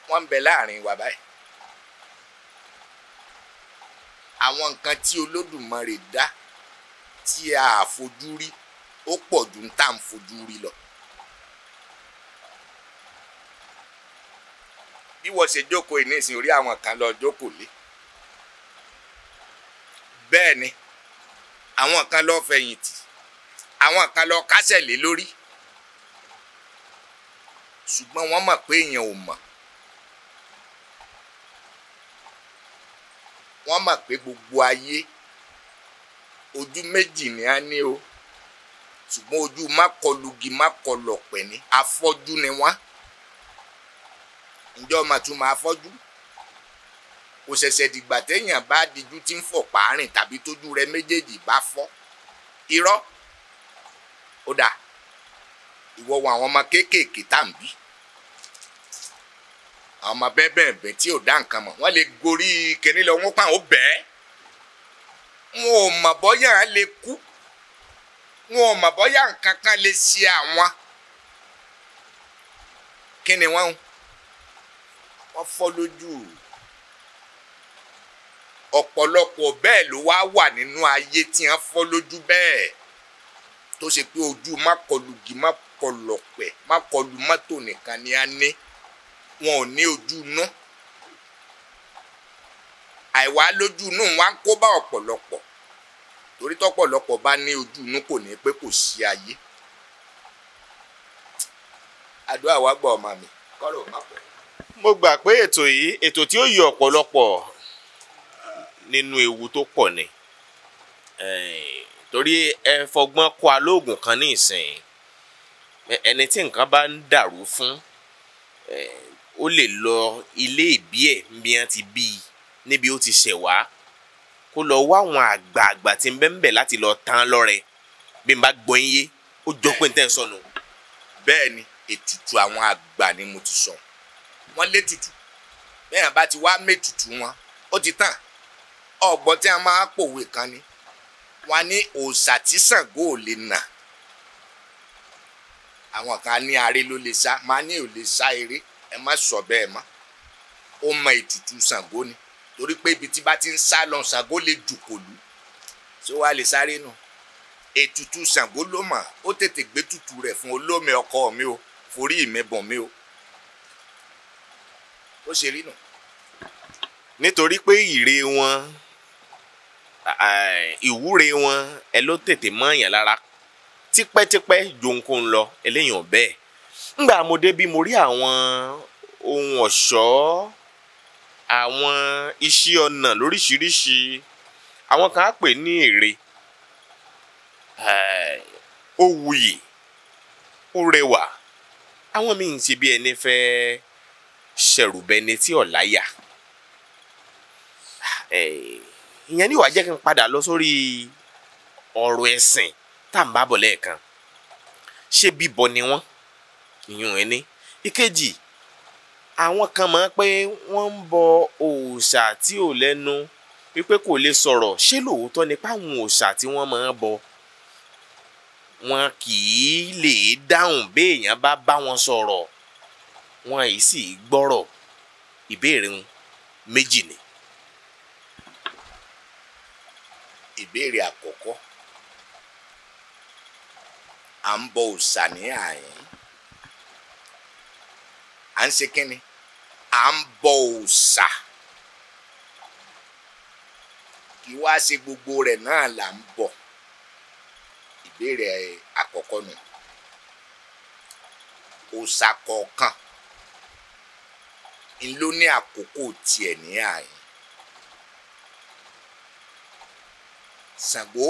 wọ́n ń bẹ láàrin wa báyìí àwọn nǹkan tí olódùmarè dá tí a fojú rí ó pọ̀ ju ń tà ń fojú rí lọ. bí wọ́n ṣe jókòó ìnísìn orí àwọn kan lọ jókòó lé bẹ́ẹ̀ ni àwọn kan lọ fẹ̀yìntì àwọn kan lọ kásẹ̀ lé lórí ṣùgbọ́n wọ́n mọ̀ pé èèyàn ò mọ̀. wọ́n mọ̀ pé gbogbo ayé ojú méjì ni a ní o ṣùgbọ́n ojú mákọlugi mákọlọ̀pẹ̀ ni afọ́jú ni wọ́n ǹjọ́ máa tún máa fọ́jú kò ṣẹ̀ṣẹ̀ dìgbà téèyàn bá dijú tí ń fọ̀ páàrìn tàbí tójú rẹ méjèèjì bá fọ́ irọ́ ó dà ìwọ wo àwọn ọmọ kéékèèké tá ọmọ bẹ́ẹ̀ bẹ́ẹ̀ tí ò dá nǹkan mọ̀ wọ́n lè gorí kínní lọ wọ́n pàwọn ó bẹ́ẹ̀ wọn ò mọ̀ bọ́yà lè kú wọn ò mọ̀ bọ́yà nǹkan kan lè ṣe àwọn kí ni wọ́n wọ́n fọ́ lójú ọ̀pọ̀lọpọ̀ bẹ́ẹ̀ ló wá wà nínú ayé tí wọ́n fọ́ lójú bẹ́ẹ̀ tó ṣe pé ojú má kọlù gì má kọlọ̀pẹ̀ má kọlù mọ́tò nìkan ni a ní wọn ò ní ojú inú àìwá lójú inú wa ń kó bá ọ̀pọ̀lọpọ̀ torí tọ́pọ̀lọpọ̀ bá ní ojú inú kò ní pé kò sí ayé àdúrà wa gbọ́ ọmọ mi kọ́rọ̀ ò má pọ̀. mo gbà pé ètò yìí ètò tí ó yọ ọ̀pọ̀lọpọ̀ nínú ewu tó pọ̀ ni torí ẹ fọgbọ́n kó alóògùn kan ní ìsìn ẹni tí nǹkan bá ń dàrú fún ó lè lọ ilé ìbí ẹ̀ bí wọ́n ti bí i níbi ó ti ṣẹ̀ wá kó lọ wá àwọn àgbààgbà tí ń bẹ ń bẹ láti lọ tán lọ́rẹ bí n bá gbọ́ yín yé ó jọ pé n tẹ́ ń sọnù. bẹ́ẹ̀ ni ètùtù àwọn àgbà ni mo ti sọ wọ́n lé tutù bẹ́ẹ̀ bá ti wá mẹ́tutù wọn ó ti tàn ọ̀gbọ́n tí a máa pòwe kan ni wọn ní òòṣà tí Ṣàngó ò lè nà àwọn kan ní aré ló lè sá máa ní ò lè sá eré ẹ má sọ bẹ́ẹ̀ mọ́ ó mọ ètùtù Ṣàngó ni torí pé ibi tí bá ti ń sá lọ Ṣàngó lè jùkòlù tí ó wá lè sáré nù ètùtù Ṣàngó ló mọ̀ ó tètè gbé tutù rẹ̀ fún olómi ọkọ mi o forí mi bọ̀ mi o ó ṣe rí nù. nítorí pé ìre wọn ìwúre wọn ẹ ló tètè mọ èèyàn lára tipẹ́tipẹ́ jòǹkó ń lọ eléyìí ò bẹ́ẹ̀ ngbà mo débi mo rí àwọn ohun ọ̀ṣọ́ àwọn iṣẹ́ ọnà lóríṣiríṣi àwọn kan á pè ní ère ó wuyì ó rẹwà àwọn míì ń ṣe bí ẹni fẹ́ ṣẹ̀rùbẹni tí ọ̀láyà ìyẹn ní ìwà jẹ́ kí n padà lọ sórí ọ̀rọ̀ ẹ̀sìn tá à ń bá bọ̀ lẹ́ẹ̀kan ṣé bíbọ ni wọ́n ìyún ẹni ìkejì àwọn kan mọ̀ pé wọ́n ń bọ òòṣà tí ò lẹ́nu wípé kò lè sọ̀rọ̀ ṣé lóòótọ́ ni páwọn òòṣà tí wọ́n máa ń bọ wọn kì í lè dáhùn béèyàn bá bá wọn sọ̀rọ̀ wọn yìí sì gbọ́rọ̀ ìbéèrè ń méjì ni. ìbéèrè àkọ́kọ́ à ń bọ òòṣà ní àyín a ń ṣe A à bọ òòṣà kì se gbogbo rẹ náà la n bọ ìbéèrè akọkọ nù òòṣà kọ̀ọ̀kan ń ló ní àkókò tiẹ̀ ní àyìn Ṣàngó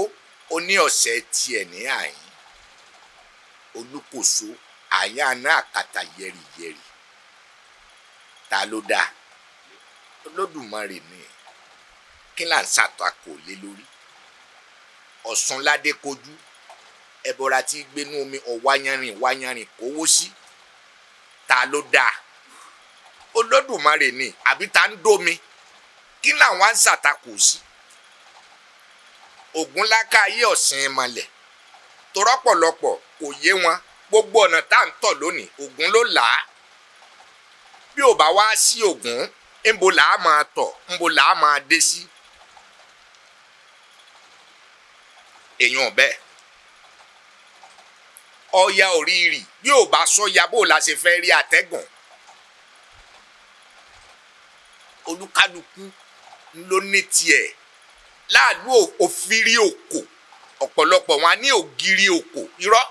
ó ní ọ̀sẹ̀ tiẹ̀ ní àyìn Olúkòso àyàn náà kàtà yẹ̀rìyẹ̀rì ta ló dáa olódùmarè ni kí là ń ṣàtakò lé lórí ọ̀sánládé kojú ẹbọra tí gbénú omi ọ̀wáyanrìn wáyanrìn kówó sí ta ló dáa olódùmarè ni àbí ta ń dómi kí làwọn ń ṣàtakò sí ògúnláka ayé ọ̀sìn ìmọ̀lẹ̀ torọ́pọ̀lọpọ̀ kò yé wọn gbogbo ọ̀nà tá à ń tọ̀ lónìí ògún ló là á bí ò bá wá sí Ògún ńbo là á máa tọ̀ ńbo là á máa dé sí èèyàn bẹ́ẹ̀ ọya òrìrì bí ò bá sọ́ya bó la ṣe fẹ́ rí àtẹ́gùn olúkálukú ló ní tiẹ̀ láàlú òfìrí òkò ọ̀pọ̀lọpọ̀ wọn á ní ògiri òkò irọ́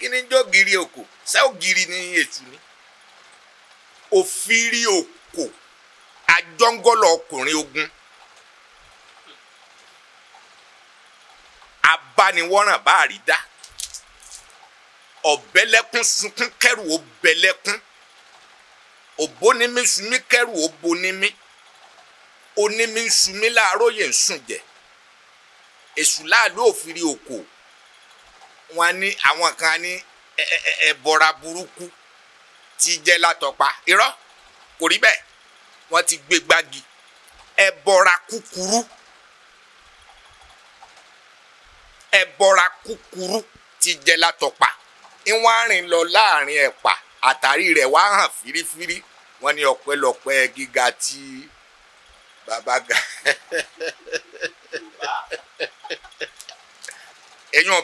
kí ni jọ giri òkò ṣé ògiri ni èṣù ni òfìrí òkò àjọngọlọ ọkùnrin ogun abániwọ́ràn bá rí dá ọ̀bẹ́lẹ́kún sunkún kẹrù ó bẹ́lẹ́kún òbónímí sunmí kẹrù ó bonímí onímí sunmí láàárọ̀ yẹn ń sùn jẹ èṣù láàlú òfìrí òkò wọn ní àwọn kan ní ẹbọra burúkú tí jẹ́ látọ̀pa irọ́ kò rí bẹ́ẹ̀ wọ́n ti gbé gbági ẹbọra kúkúrú ẹbọra kúkúrú tí jẹ́ látọ̀pa ìwọ̀n arìn lọ láàrin ẹ̀pà àtàrí rẹ̀ wá hàn fírífírí wọ́n ní ọ̀pẹ́lọpẹ́ gíga tí bàbá ga èyí ò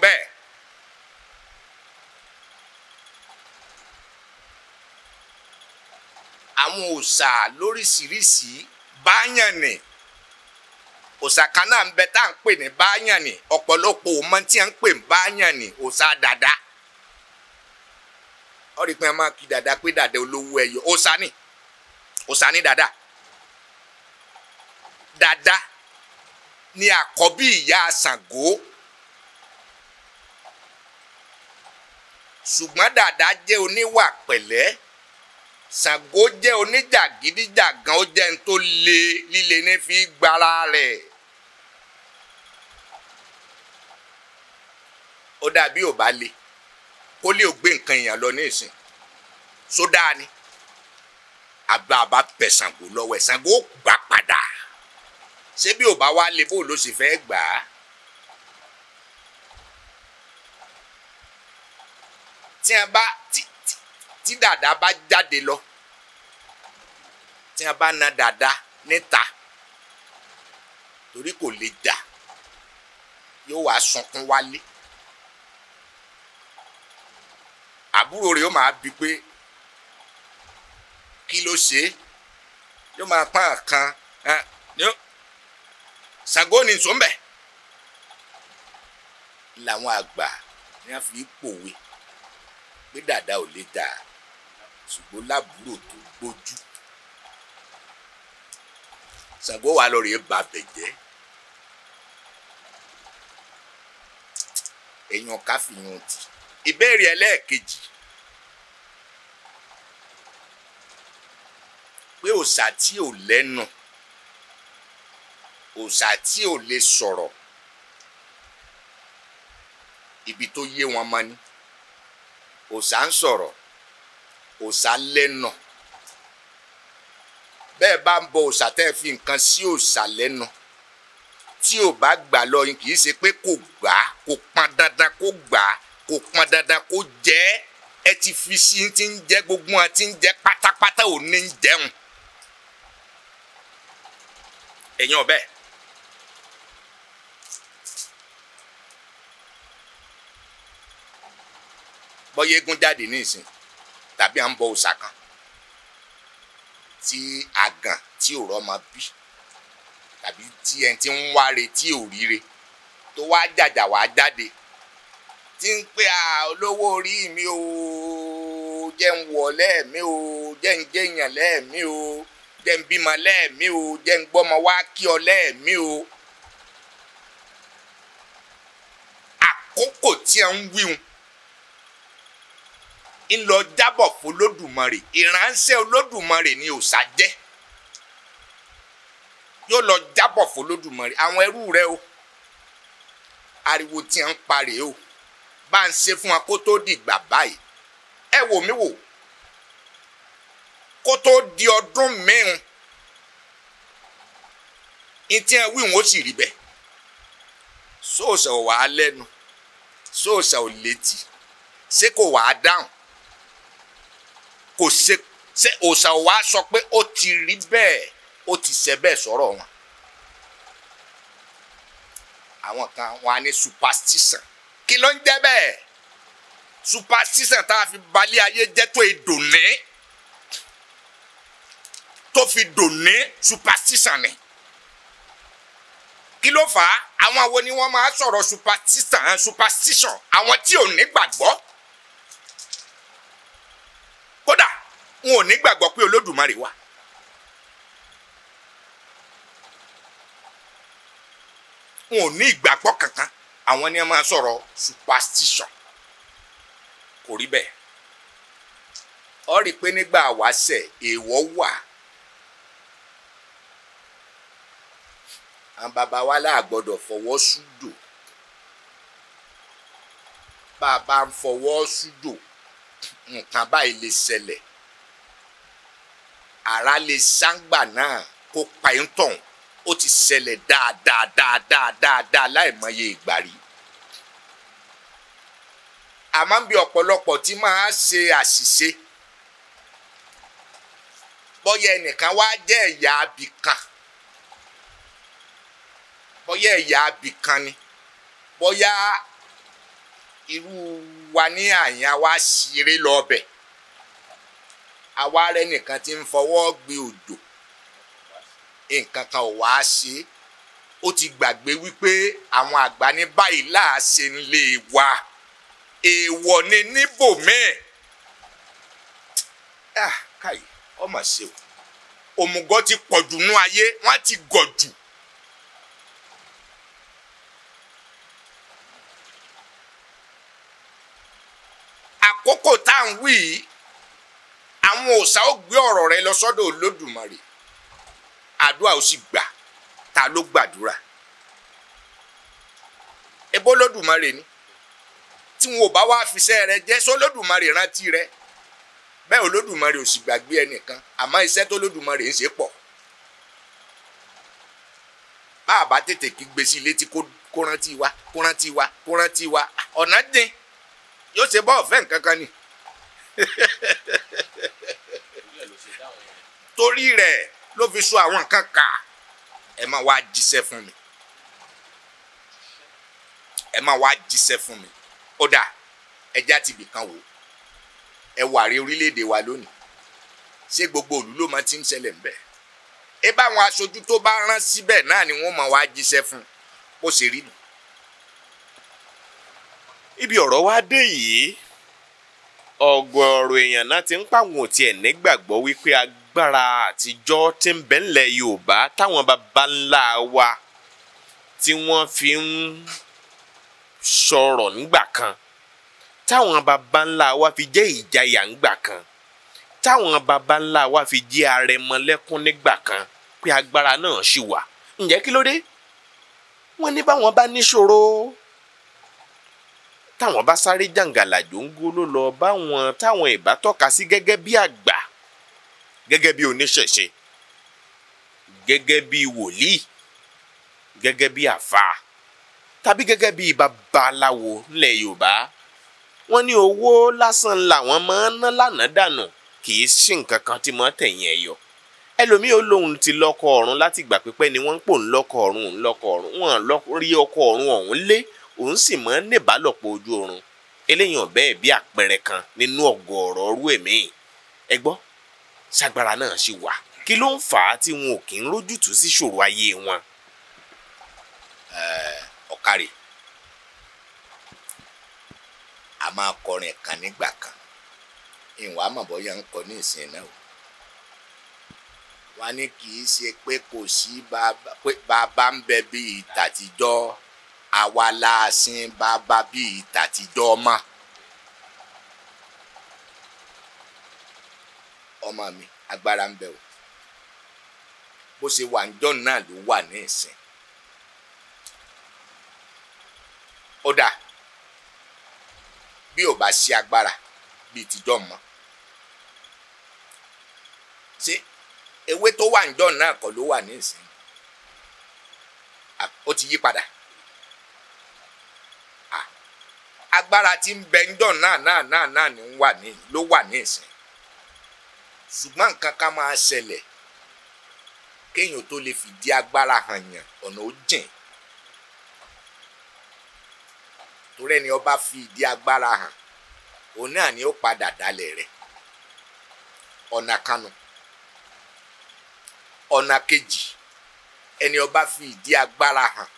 àwọn òòṣà lóríṣiríṣi báyànnì òòṣà kan náà ń bẹ tá à ń pè ní báyànnì ọ̀pọ̀lọpọ̀ ọmọ tí à ń pè ní báyànnì òòṣà dàda ọ̀rí pé máa pé dàda olówó ẹ̀yọ ni òòṣà ni dàda dàda ni àkọ́bí ìyá Ṣàngó ṣùgbọ́n Ṣàngó jẹ́ oníjàgídíjàgan ó jẹ́ ní tó le líle ní fi gbára rẹ̀. ó dàbí ò bá le kó lè gbé nǹkan èèyàn lọ ní ìsìn sódà ni àbá àbá bẹ Ṣàngó lọ́wọ́ ẹ̀ Ṣàngó gbà padà ṣé bí ò bá wá le bó ló sì fẹ́ gbà á. tí a bá tí dàda bá jáde lọ tí a bá na dàda níta torí kò lè jà yóò wá sunkún wálé àbúrò rẹ̀ yóò máa bi pé kí ló ṣe é yóò máa pọ́n àkàn Ṣàngó ni sọ́nbẹ̀ làwọn àgbà ni a fi pòwe pé dàda ò lè jà ṣùgbọ́n lábúrò tó gbójú Ṣàngó wa lọ rèé ba bẹ̀jẹ́ èèyàn ká fìyàn tì ìbéèrè ẹlẹ́ẹ̀kejì pé òòṣà tí ò lẹ́nu òòṣà tí ò lè sọ̀rọ̀ ibi tó yé wọn mọ́ ni òòṣà ń sọ̀rọ̀ òòṣà lẹ́nu bẹ́ẹ̀ bá ń bọ òòṣà tẹ́ ẹ fi nǹkan sí òòṣà lẹ́nu tí ò bá gbà lọ yín kì í ṣe pé kò gbà á kò pọn dandan kó gbà á kò pọn dandan kó jẹ́ ẹ ti fi sí ti ń jẹ́ gbogbo wọn ti ń jẹ́ pátápátá ò ní ń jẹun ẹ̀yin ọ̀bẹ. bọ́yé egun jáde ní ìsìn tàbí à ń bọ òòṣà kan tí àgàn tí ò rọ́mọ bí tàbí tí ẹni tí ń wáre tí ò ríre tó wá jàjà wá jáde tí ń pè à olówó orí mi o jẹ́ ń wọ̀ lẹ́ẹ̀mí o jẹ́ ń jẹ́yàn lẹ́ẹ̀mí o jẹ́ ń bímọ lẹ́ẹ̀mí o jẹ́ ń gbọ́mọ wá kí ọ lẹ́ẹ̀mí o. àkókò tí a ń wíhun ńlọ jábọ̀ fọlódùmarè ìránṣẹ́ olódùmarè ni òòṣà jẹ́ yóò lọ jábọ̀ fọlódùmarè àwọn ẹrú rẹ o ariwo tí a ń parẹ́ o bá ń ṣe fún wa kó tó dìgbà báyìí ẹ wò mí wò kó tó di ọdún mẹ́rin ntí ẹ wí wọn ó sì rí bẹ́ẹ̀ sóòṣà ò wá lẹ́nu sóòṣà ò létí ṣé kò wá dáhùn kò ṣe ṣe òòṣà wa sọ pé ó ti rí bẹ́ẹ̀ ó ti ṣe bẹ́ẹ̀ sọ̀rọ̀ wọn àwọn kan wọn á ní superstition kí ló ń jẹ́ bẹ́ẹ̀ superstition tá a fi balẹ̀ ayé jẹ́ tó e dòní tó fi dòní superstition ni kí ló fà á àwọn wo ni wọ́n máa sọ̀rọ̀ superstition superstition àwọn tí ò ní gbàgbọ́ wọn ò ní gbàgbọ́ pé olódùmarè wà. wọn ò ní ìgbàgbọ́ kankan àwọn ni a máa sọ̀rọ̀ superstition kò rí bẹ́ẹ̀ ọ rí i pé nígbà wáṣẹ̀ èèwọ̀ wà àwọn bàbá wa láà gbọ́dọ̀ fọwọ́ súdò bá a bá ń fọwọ́ súdò nǹkan báyìí lè ṣẹlẹ̀ ara lè sáńgbà náà kó pa ẹ̀ ń tàn ó ti ṣẹlẹ̀ dáadáa dáadáa dáadáa láìmọye ìgbà rí àmọ́ bí ọ̀pọ̀lọpọ̀ tí máa ṣe àṣìṣe bọ́yá ẹnìkan wá jẹ́ ẹ̀yà abìkan bọ́yá ẹ̀yà abìkan ni bọ́yá irú wa ní àyàn wa ṣeré lọ àwa rẹ nìkan ti ń fọwọ́ gbé odò nǹkan kan ò wá ṣe ó ti gbàgbé wípé àwọn àgbà ní báyìí láàṣẹ ń lè e wà èèwọ̀ ni níbòmíì ah, káyì ọmọ ṣe o òmùgọ̀ ti pọ̀jù nú ayé wọ́n ti gọ̀ jù. àkókò tá à ń wí yìí àwọn òòṣà ó gbé ọ̀rọ̀ rẹ lọ sọ́dọ̀ olódùmarè àdúrà ó sì gbà ta ló gbàdúrà ẹbọ olódùmarè ni tí wọn ò bá wá fiṣẹ́ rẹ jẹ́ sọ olódùmarè rántí rẹ bẹ́ẹ̀ olódùmarè ò sì gbàgbé ẹnìkan àmọ́ iṣẹ́ tó olódùmarè ń ṣe pọ̀ bá a bá tètè kí gbé sí létí kó rántí wa kó rántí wa kó rántí wa ọ̀nà dín yóò ṣe bọ́ọ̀ fẹ́ ni. torí rẹ̀ ló fi so àwọn nǹkan kà ẹ máa wá jíṣẹ́ fún mi ẹ máa wá jíṣẹ́ fún mi ó dà ẹja ti bìkan wò ẹ wà rí orílẹ̀-èdè wa lónìí ṣé gbogbo òlú ló máa ti ń ṣẹlẹ̀ ń bẹ̀ ẹ báwọn aṣojú tó bá rán síbẹ̀ náà ni wọ́n máa wá jíṣẹ́ fún bó ṣe rí nù ibi ọ̀rọ̀ wa dé yìí ọ̀gọ̀ọ̀rọ̀ èèyàn náà ti ń pàwọn ò tiẹ̀ nígbàgbọ́ wípé agbára agbára àtijọ́ tí ń bẹ ńlẹ̀ Yorùbá táwọn baba ńlá wa tí wọ́n fi ń sọ̀rọ̀ nígbà kan táwọn baba ńlá wa fi jẹ́ ìjayà ńgbà kan táwọn baba ńlá wa fi jẹ́ arẹmọlẹ́kún nígbà kan pé agbára náà ṣì wà ǹjẹ́ kí ló dé wọ́n ní báwọn bá níṣòro táwọn bá sáré jàǹgàlà jòǹgó ló lọ báwọn táwọn ìbá tọ́ka sí gẹ́gẹ́ bí àgbà gẹ́gẹ́ bí oníṣẹ̀ṣe gẹ́gẹ́ bí wòlíì gẹ́gẹ́ bí àfáà tàbí gẹ́gẹ́ bí babaláwo nílẹ̀ yorùbá wọ́n ní owó lásán làwọn máa ń ná lánàá dànù kì í sí nǹkan kan tí wọ́n tẹ̀yìn ẹ̀ yọ ẹlòmíì ó lóun ti lọ́kọ ọ̀run láti ìgbà pípẹ́ ni wọ́n ń pò ń lọ́kọ ọ̀run òun lọ́kọ ọ̀run wọ́n rí ọkọ ọ̀run ọ̀hún lé òun sì máa ń nìbálòpọ̀ ojú oorun eléyìí ọ̀bẹ́ẹ̀ bí àpẹẹrẹ kan nínú ọ̀gọ̀ọ̀rọ̀ ọ̀rú ẹ̀mí ẹ̀ ṣàgbára náà ṣe wà kí ló ń fà á tí wọn ò kí ń rójútùú sí ṣòro ayé wọn. ọ̀kàrè a máa kọrin kan nígbà kan ìwà àmọ̀bọ́yà ń kọ ní ìsìn náà wọ́n ní kì í ṣe pé kò sí bàbá ń bẹ bíi tàtijọ́ àwa la bàbá bíi tàtijọ́ mọ́. ọmọ mi agbára ń bẹ o bó ṣe wà níjọ́ náà ló wà ní ìsìn ó dà bí ò bá ṣe agbára bíi tìjọ́ mọ́ ṣé ewé tó wà níjọ́ náà kọ́ ló wà ní ìsìn ó ti yí padà agbára tí ń bẹ níjọ́ náà náà náà náà ni ló wà ní ìsìn. ṣùgbọ́n nǹkan kan máa ṣẹlẹ̀ kéèyàn tó lè fìdí agbára hàn yàn ọ̀nà ó jìn torí ẹni ọba fi ìdí agbára hàn òun náà ni ó padà dalẹ̀ rẹ̀ ọ̀nà kanu ọ̀nà kejì ẹni ọba fi ìdí agbára hàn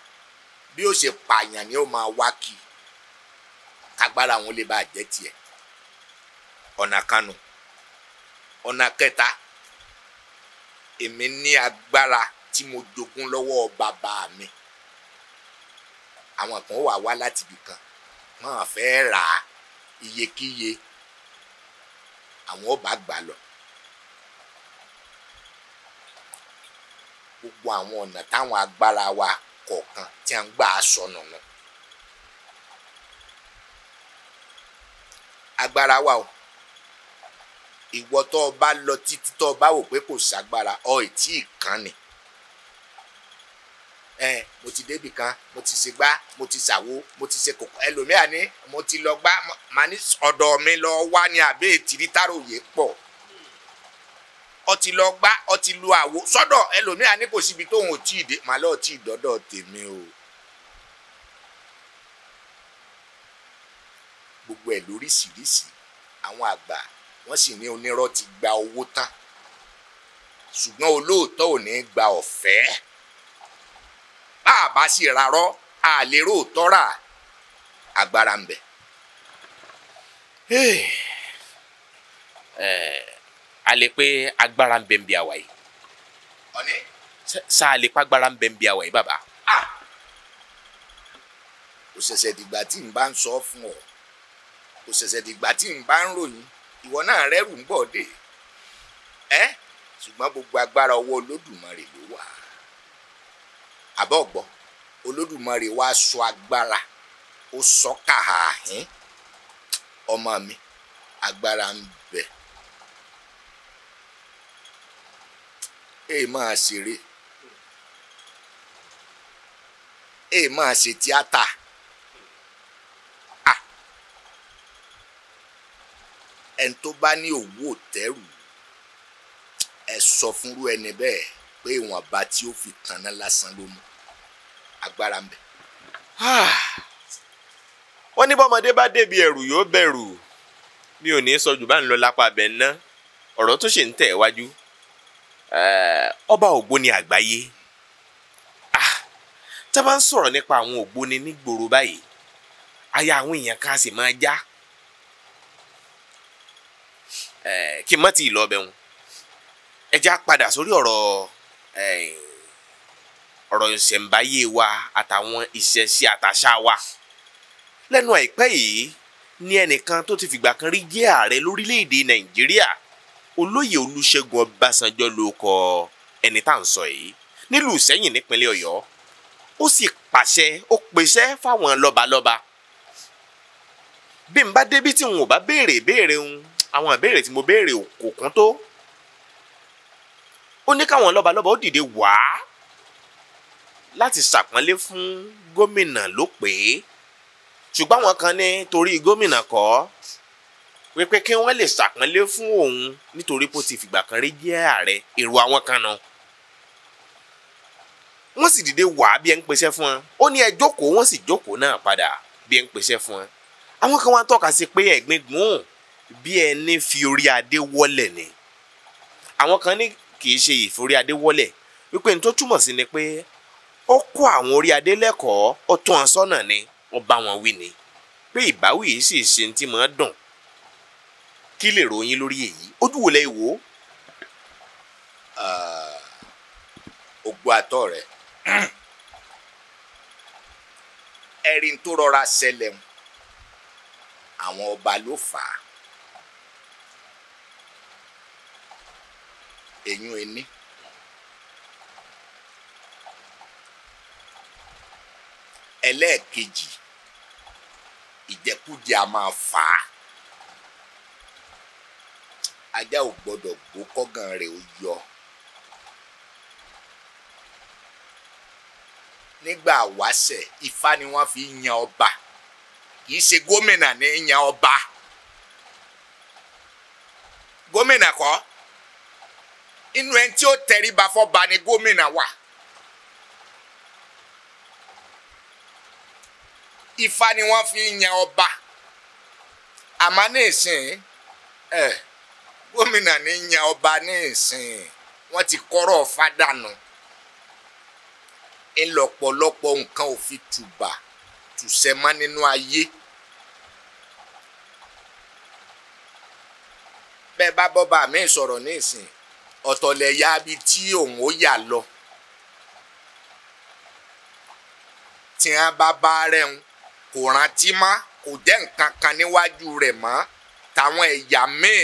bí ó ṣe pààyàn ni ó máa wá kí agbára wọn lè bá jẹ́ tiẹ̀ ọ̀nà kanu. ọ̀nà kẹta èmi ní agbára tí mo jogún lọ́wọ́ bàbá mi àwọn kan wà wá láti ibì kan wọn fẹ́ rà á iyekíye àwọn ọba gbà lọ gbogbo àwọn ọ̀nà táwọn agbára wa kọ̀ọ̀kan tí a ń gbà sọnù nù agbára wa o ìwọ tó o bá lọ títí tó o bá wò pé kò ságbára ọ ì tí ì kàn ni ẹ mo ti débì kan mo ti ṣe gbá mo ti ṣàwo mo ti ṣe kòkó ẹlòmíà ni mo ti lọ gbá màá ní ọ̀dọ̀ mi lọ wá ní abẹ́ ètìrí táròyé pọ̀ ọ ti lọ gbá ọ ti lu àwo sọ́dọ̀ ẹlòmíà ní kò síbi tóun ò tí ì dé màá lọ́ọ́ tí ì dọ́dọ̀ tèmi o. gbogbo ẹ̀ lóríṣiríṣi àwọn àgbà wọ́n sì ní onírọ́ ti gba owó tán ṣùgbọ́n olóòótọ́ ò ní gba ọ̀fẹ́ bá a bá sì rárọ́ àlérò tọ́ra agbára ń bẹ. a lè pé agbára ń bẹ ń bí àwa yìí sáà lè pé agbára ń bẹ ń bí àwa yìí bàbá. kò ṣẹ̀ṣẹ̀ dìgbà tí n bá ń sọ fún ọ kò ṣẹ̀ṣẹ̀ dìgbà tí n bá ń ròyìn ìwọ náà rẹ́rù ń bọ̀ dé ẹ́ ṣùgbọ́n gbogbo agbára ọwọ́ olódùmarè ló wà àbọ̀gbọ́ olódùmarè wá sọ agbára ó sọ kàhàhín ọmọ mi agbára ń bẹ èè máa ṣeré èè máa ṣe tíátà. ẹni tó bá ní òwú òtẹ́rù ẹ sọ fúnrú ẹni bẹ́ẹ̀ pé ìwọ̀nba tí ó fi tanná lásán ló mú agbára ń bẹ. Ah! wọ́n ní bọ́mọdé bá débi ẹ̀rù yóò bẹ̀rù mi ò ní sọ jù bá ń lọ lápá abẹ ná ọ̀rọ̀ tó ṣe ń tẹ̀ wájú eh, ọba ògbóni àgbáyé ah! tá a bá ń sọ̀rọ̀ nípa àwọn ògbóni nígboro báyìí aya àwọn èèyàn kan sì máa já. Eh, kí n má ti lọ ọbẹ̀ wọn ẹ padà sórí ọ̀rọ̀ eh, ọ̀rọ̀ ìṣẹ̀ǹbáyé wa àtàwọn ìṣẹ̀ṣe àtàṣà wa lẹ́nu àìpẹ́ yìí ní ẹnìkan tó ti fìgbà kan rí jẹ́ ààrẹ lórílẹ̀‐èdè nàìjíríà olóyè olúṣẹ́gun ọbásanjọ́ ló kọ ẹni tá à ń sọ yìí nílùú sẹ́yìn nípínlẹ̀ ọ̀yọ́ ó sì pàṣẹ ó pèsè fáwọn lọ́balọ́ba bí n bá débi tí n ò bá béèrè béèrè ń àwọn ìbéèrè tí mo béèrè kò kún tó ó ní káwọn lọ́balọ́ba ó dìde wá láti ṣàpọ́nlé fún gómìnà ló pè é ṣùgbọ́n àwọn kan ní torí gómìnà kọ́ wípé kí wọ́n lè ṣàpọ́nlé fún òun nítorí pé ó ti fìgbà kan rí jẹ́ ààrẹ èrò àwọn kan náà wọ́n sì dìde wá bí ẹ ń pèsè fún wọn ó ní ẹ jókòó wọ́n sì jókòó náà padà bí ẹ ń pèsè fún wọn àwọn kan wá tọ́ka sí pé ẹ̀gbin gùn ún bí ẹni fi orí adé wọ́lẹ̀ ni àwọn kan ní kì í ṣe ìforí adé wọ́lẹ̀ wípé ní tó túmọ̀ sí ni pé ó kọ́ àwọn orí adé lẹ́kọ̀ọ́ ó tún wọn sọ́nà ni ó bá wọn wí ni pé ìbáwí yìí sì ṣe ti mọ̀ dùn kí lè ròyìn lórí èyí ojú wo lẹ wò ó. ògbó àtọ rẹ ẹrin tó rọra ṣẹlẹ̀ àwọn ọba ló fà á enyu eni ẹlẹ́ẹ̀kejì ìjẹkújẹ a máa fà á ajá ò gbọdọ̀ gbó kọ́gàn rẹ̀ ó yọ nígbà wáṣẹ̀ ifá ni wọ́n fi yan ọba kì í ṣe gómìnà ní yan ọba gómìnà kọ́. inú ẹni tí ó tẹríba fọ́ba ni gómìnà wà. ifá ni wọ́n fi yan ọba àmọ́ ní ìsìn ẹ̀ gómìnà ní yan ọba ní ìsìn wọ́n ti kọ́rọ̀ fádànù ńlọ́pọ̀lọpọ̀ nǹkan ò fi tùbà tùsẹ̀ mọ́ nínú ayé. bẹ́ẹ̀ bá bọ́ba mi sọ̀rọ̀ ní ìsìn ọ̀tọ̀lẹ̀yà bi tí òun ó yà lọ tí wọn bá bá rẹ̀ ń kò rántí má kò jẹ́ nǹkan kan níwájú rẹ̀ mọ́ táwọn ẹ̀yà míì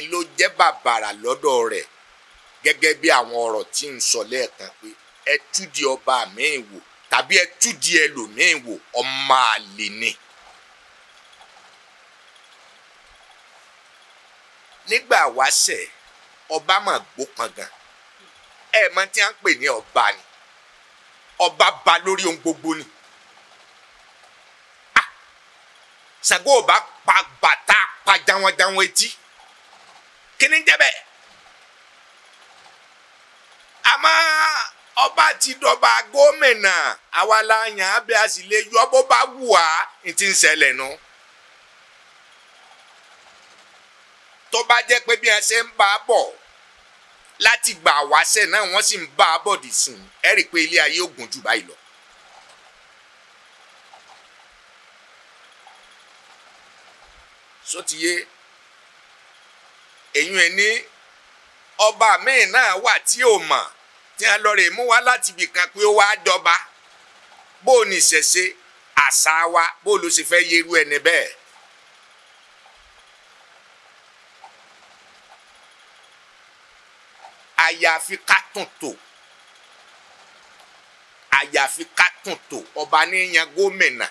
ń ló jẹ́ bàbàrà lọ́dọ̀ rẹ̀ gẹ́gẹ́ bí àwọn ọ̀rọ̀ tí ń sọ lẹ́ẹ̀kan pé ẹ túdi ọba míì wò tàbí ẹ túdi ẹlòmíì wò ọmọ àlè ni. nígbà wáṣẹ̀ ọba mà gbó pọngàn ẹ mọ tí a ń pè ní ọba ni ọba ba lórí ohun gbogbo ni ah Ṣàngó ọba pa bàtà pa jáwọ́jáwọ́ etí kí ni jẹ́ bẹ́ẹ̀ àmọ́ ọba ti dọba gómìnà àwa la yàn án bí a sì lè yọ bó bá wù wá ní ti ń ṣẹlẹ̀ nu. tó bá jẹ́ pé bí a ṣe ń bá a láti gbà wáṣẹ náà wọ́n sì ń bá a bọ̀dì sùn ẹ rí i pé ilé ayé ò gùn jù báyìí lọ. sotiye èyí ẹ ní ọba míì náà wà tí ò mọ̀ tí wọ́n lọ rè mú wá láti ibì kan pé ó wá dọba bó o ní ìṣẹ̀ṣe àṣà wa bó o ló ṣe fẹ́ yẹrú ẹni bẹ́ẹ̀. àyàfi ká ọba ní yan gómìnà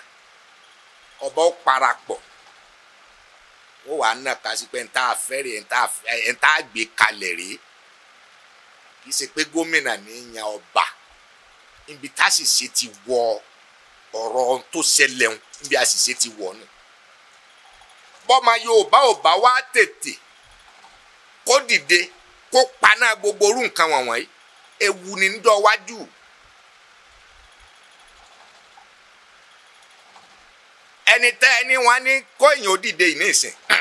ọba ó parapọ̀ ó wàá nà ká sí pé nta fẹ́rẹ̀ ntá kalẹ̀ kì í ọba níbi tá a sì ṣe ti wọ ọ̀rọ̀ tó ṣẹlẹ̀ ń níbi ti wọ̀ bọ́mọ ò bá wá tètè kó dìde kó paná gbogbo orú nǹkan wọ̀nyí ewu ni ńdọ́ wájú. ẹni tẹ́ ẹni wọn ní kóyìn dìde ìní nísìn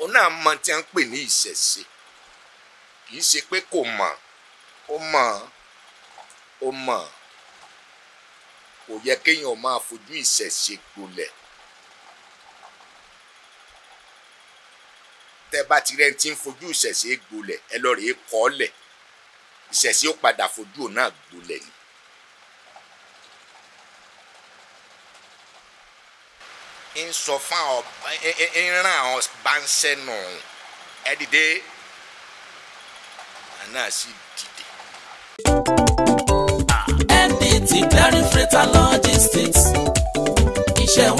òun náà mọ tí wọ́n ń pè ní ìṣẹ̀ṣe kì í ṣe pé kò mọ̀ ó mọ̀ ó mọ̀ kò yẹ kéèyàn máa fojú ìṣẹ̀ṣe gbolẹ̀. tẹ́ bá ti rẹ́ni tí ń fojú ìṣẹ̀ṣe gbolẹ̀ ẹ lọ rèé kọ́ lẹ̀ ìṣẹ̀ṣe ó padà fojú òun náà gbolẹ̀ ni. ń sọ fún ọ ń ràn ọ bá ń sẹ́nu ẹ dìde náà sì dìde. ẹni tí clearing freighter logistics iṣẹ́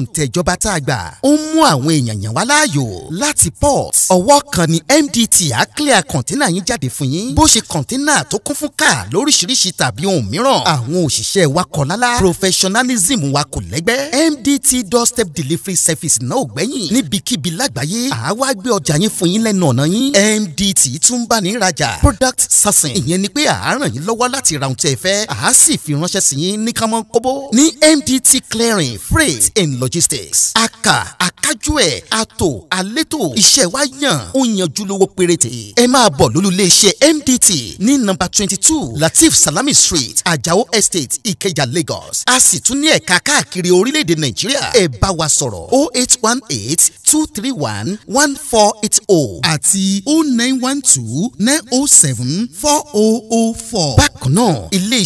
òǹtẹ̀ ìjọba tá a gbà ó ń mú àwọn èèyàn yàn wá láàyò láti port ọwọ́ kan ni MDT á clear kọ̀ńténà yín jáde fún yín bó ṣe kọ̀ńténà tó kún fún káà lóríṣiríṣi tàbí ohun mìíràn àwọn òṣìṣẹ́ wa kọ̀ lálá professionalism wa kò lẹ́gbẹ́ MDT doorstep delivery service náà ò gbẹ́yìn níbikíbi lágbàáyé àwa gbé ọjà yín fún yín lẹ́nu ọ̀nà yín MDT tún bá ní ìrajà product sourcing ìyẹn ni pé à á ràn yín lọ́wọ́ láti ra ohun tí ẹ fẹ́ à á sì fi ránṣẹ́ sí yín ní kánmọ́ kóbó ní MDT clearing freight and logistics logistics aka akájú ẹ̀ ato alétò iṣẹ́ wa yàn ó yanjú lówó péréte ẹ máa bọ̀ lólulẹ̀ iṣẹ́ MDT ní nọ́mbà twenty two Latif Salami Street Ajao Estate Ikeja Lagos a sì tún ní ẹ̀ka káàkiri orílẹ̀-èdè Nàìjíríà ẹ bá wa sọ̀rọ̀ o oh eight one eight two three one one four eight oh àti o oh nine one two nine oh seven four oh oh four. bákan náà ilé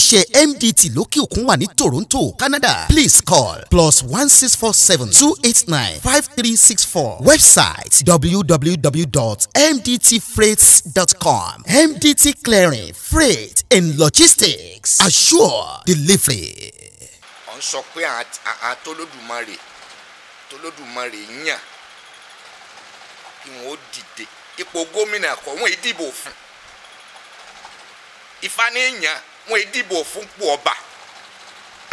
MDT lókè òkun wà ní Toronto Canada please call plus one six four seven two eight nine five three six four website www.mdtfreights.com MDT Clearing Freight and Logistics assure delivery. wọ́n sọ pé àtolódùmarè tolódùmarè yàn kí wọ́n dìde ipò gómìnà kọ́ wọ́n ìdìbò fún ìfaniyàn wọ́n ìdìbò fún pò ọba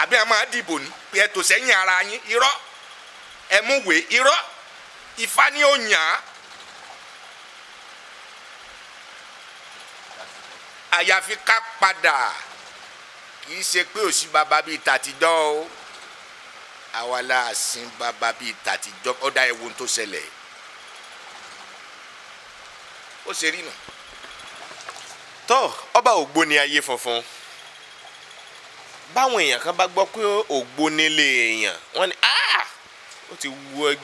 àbí a máa dìbò ní pé ẹ ara yín irọ́ ẹ mú wé irọ́ Ifá ni ó yàn án àyàfi ká padà kì í ṣe pé òsì bàbá bíi tàtijọ́ o àwa la sin bàbá bíi tàtijọ́ ọ̀dà ẹ̀wọ̀n tó ṣẹlẹ̀ ó ṣe rí nù. tọ́ ọba Ògbóni ayé funfun báwọn èèyàn kan bá gbọ́ pé Ògbóni lè èèyàn wọ́n ní ah ó ti wọ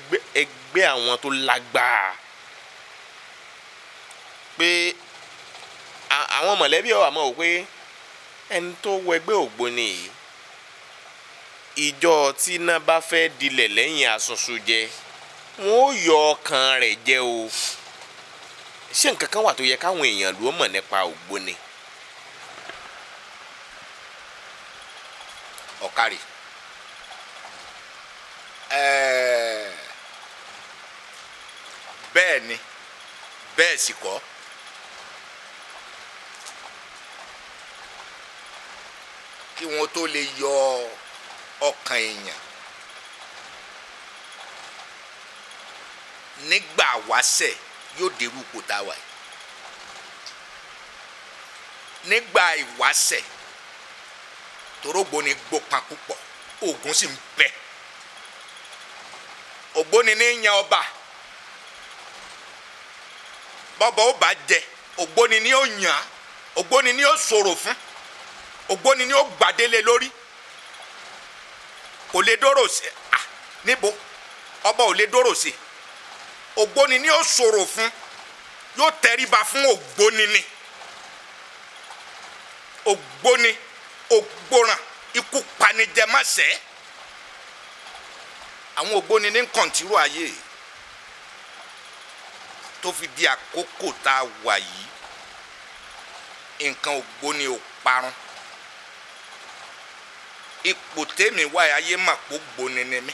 ẹgbẹ́ àwọn tó lágbára pé àwọn mọ̀lẹ́bí ọ̀ àmọ́ ò pé ẹni tó wọ ẹgbẹ́ ògbóni yìí ìjọ tí iná bá fẹ́ dilẹ̀ lẹ́yìn asunsunjẹ wọn ó yọ ọkàn rẹ̀ jẹ́ o ṣé nǹkan kan wà tó yẹ káwọn èèyàn ló mọ̀ nípa ògbóni ọ̀kárì bẹ́ẹ̀ ni bẹ́ẹ̀ sì kọ́ kí wọ́n tó lè yọ ọkàn èèyàn nígbà wáṣẹ̀ yóò dérú kò tá a wà yìí nígbà ìwáṣẹ̀ torógbó ni gbópa púpọ̀ oògùn sì ń bẹ́ẹ̀. ogboni ní ọba bọ́bọ̀ ó jẹ ogboni ni o yàn ogboni ni o soro fún ogboni ni o gbadele lori kò le dóró sí à ah, níbo ọba ò lè dóró sí ògbóni ní ó sọ̀rọ̀ fún yóò tẹríba fún ògbóni ogboni ògbóni iku ikú panijẹmọ́sẹ̀ẹ́. àwọn ògbóni ní kọ̀ǹtírò ayé tó fi di àkókò tá a wà yìí nǹkan ògbóni ò parun ipò tèmi wáyé ayé mà pọ̀ gbóni ni mí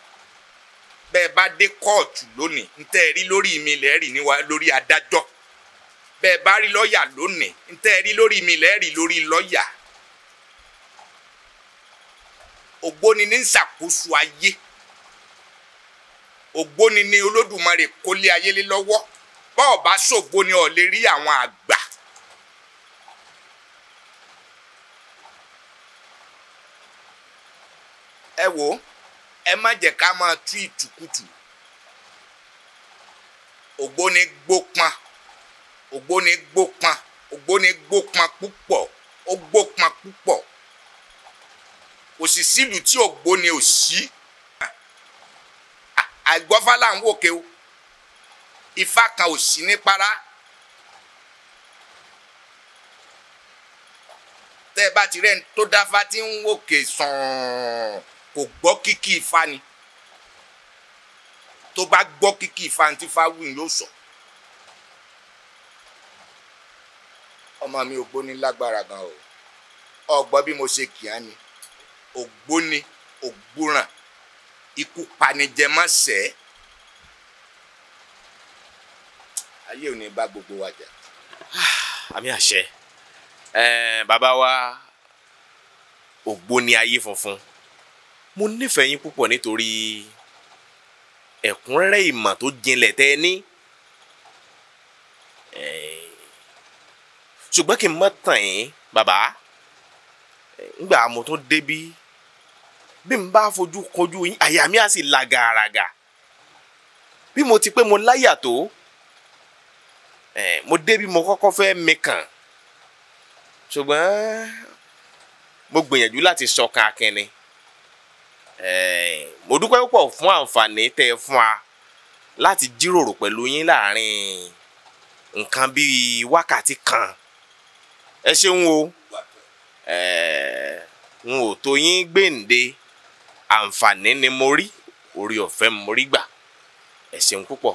bẹ́ẹ̀ bá dé kóòtù lónìí ntẹ́ ẹ rí lórí mi lẹ́ẹ̀ rí níwá lórí adájọ́ bẹ́ẹ̀ bá rí lọ́ọ̀yà lónìí ntẹ́ ẹ rí lórí mi lẹ́ẹ̀ rí lórí lọ́ọ̀yà ògbóni ní ṣàkóso ayé ògbóni ní olódùmarè kólé ayélé lọ́wọ́ bọ́ọ̀ bá ṣògbóni ọ̀ lè rí àwọn àgbà ẹ wò ó. ẹ má jẹ́ ká máa tú ìtùkùtù ògbóni gbópọn ògbóni gbópọn ògbóni gbópọn púpọ̀ ó gbópọn púpọ̀ òsìsí ìlú tí ògbóni ò sí àìgbọ́fá là ń wòkè o ifá kan ò sí ní para tẹ́ ẹ bá ti rẹ́ni tó dáfá tí ń wòkè sàn-án kò gbọ́ kíkí ifá ni tó bá gbọ́ kíkí ifá ní tífá wù yóò sọ. ọmọ mi ògbóni lágbára gan o ọgbọ́ bí mo ṣe kì á ni ògbóni ògbúràn ikú panijẹmọ́sẹ̀ ayé ò ní bá gbogbo wa jà. Ah, àmì àṣẹ bàbá wa ògbóni ayé funfun mo nífẹ̀ẹ́ yín púpọ̀ nítorí ẹ̀kúnrẹ́rẹ́ ìmọ̀ tó jinlẹ̀ tẹ́ ẹ ní. ṣùgbọ́n kí n má tàn yín bàbá ngbà mo tún débí bí n bá fojú kojú yín àyà mi á sì la gàràgà bí mo ti pé mo láyà tó mo débí mo kọ́kọ́ fẹ́ mi kàn ṣùgbọ́n mo gbìyànjú láti sọ̀kan akẹni. So Eh, mo dúpẹ́ púpọ̀ fún àǹfààní tẹ́ ẹ fún wa láti jíròrò pẹ̀lú yín láàrin nǹkan bíi wákàtí kan ẹ ṣeun o eh, n ò tó yín gbèǹde àǹfààní ni mo rí orí ọ̀fẹ́ mo rí gbà ẹ ṣeun púpọ̀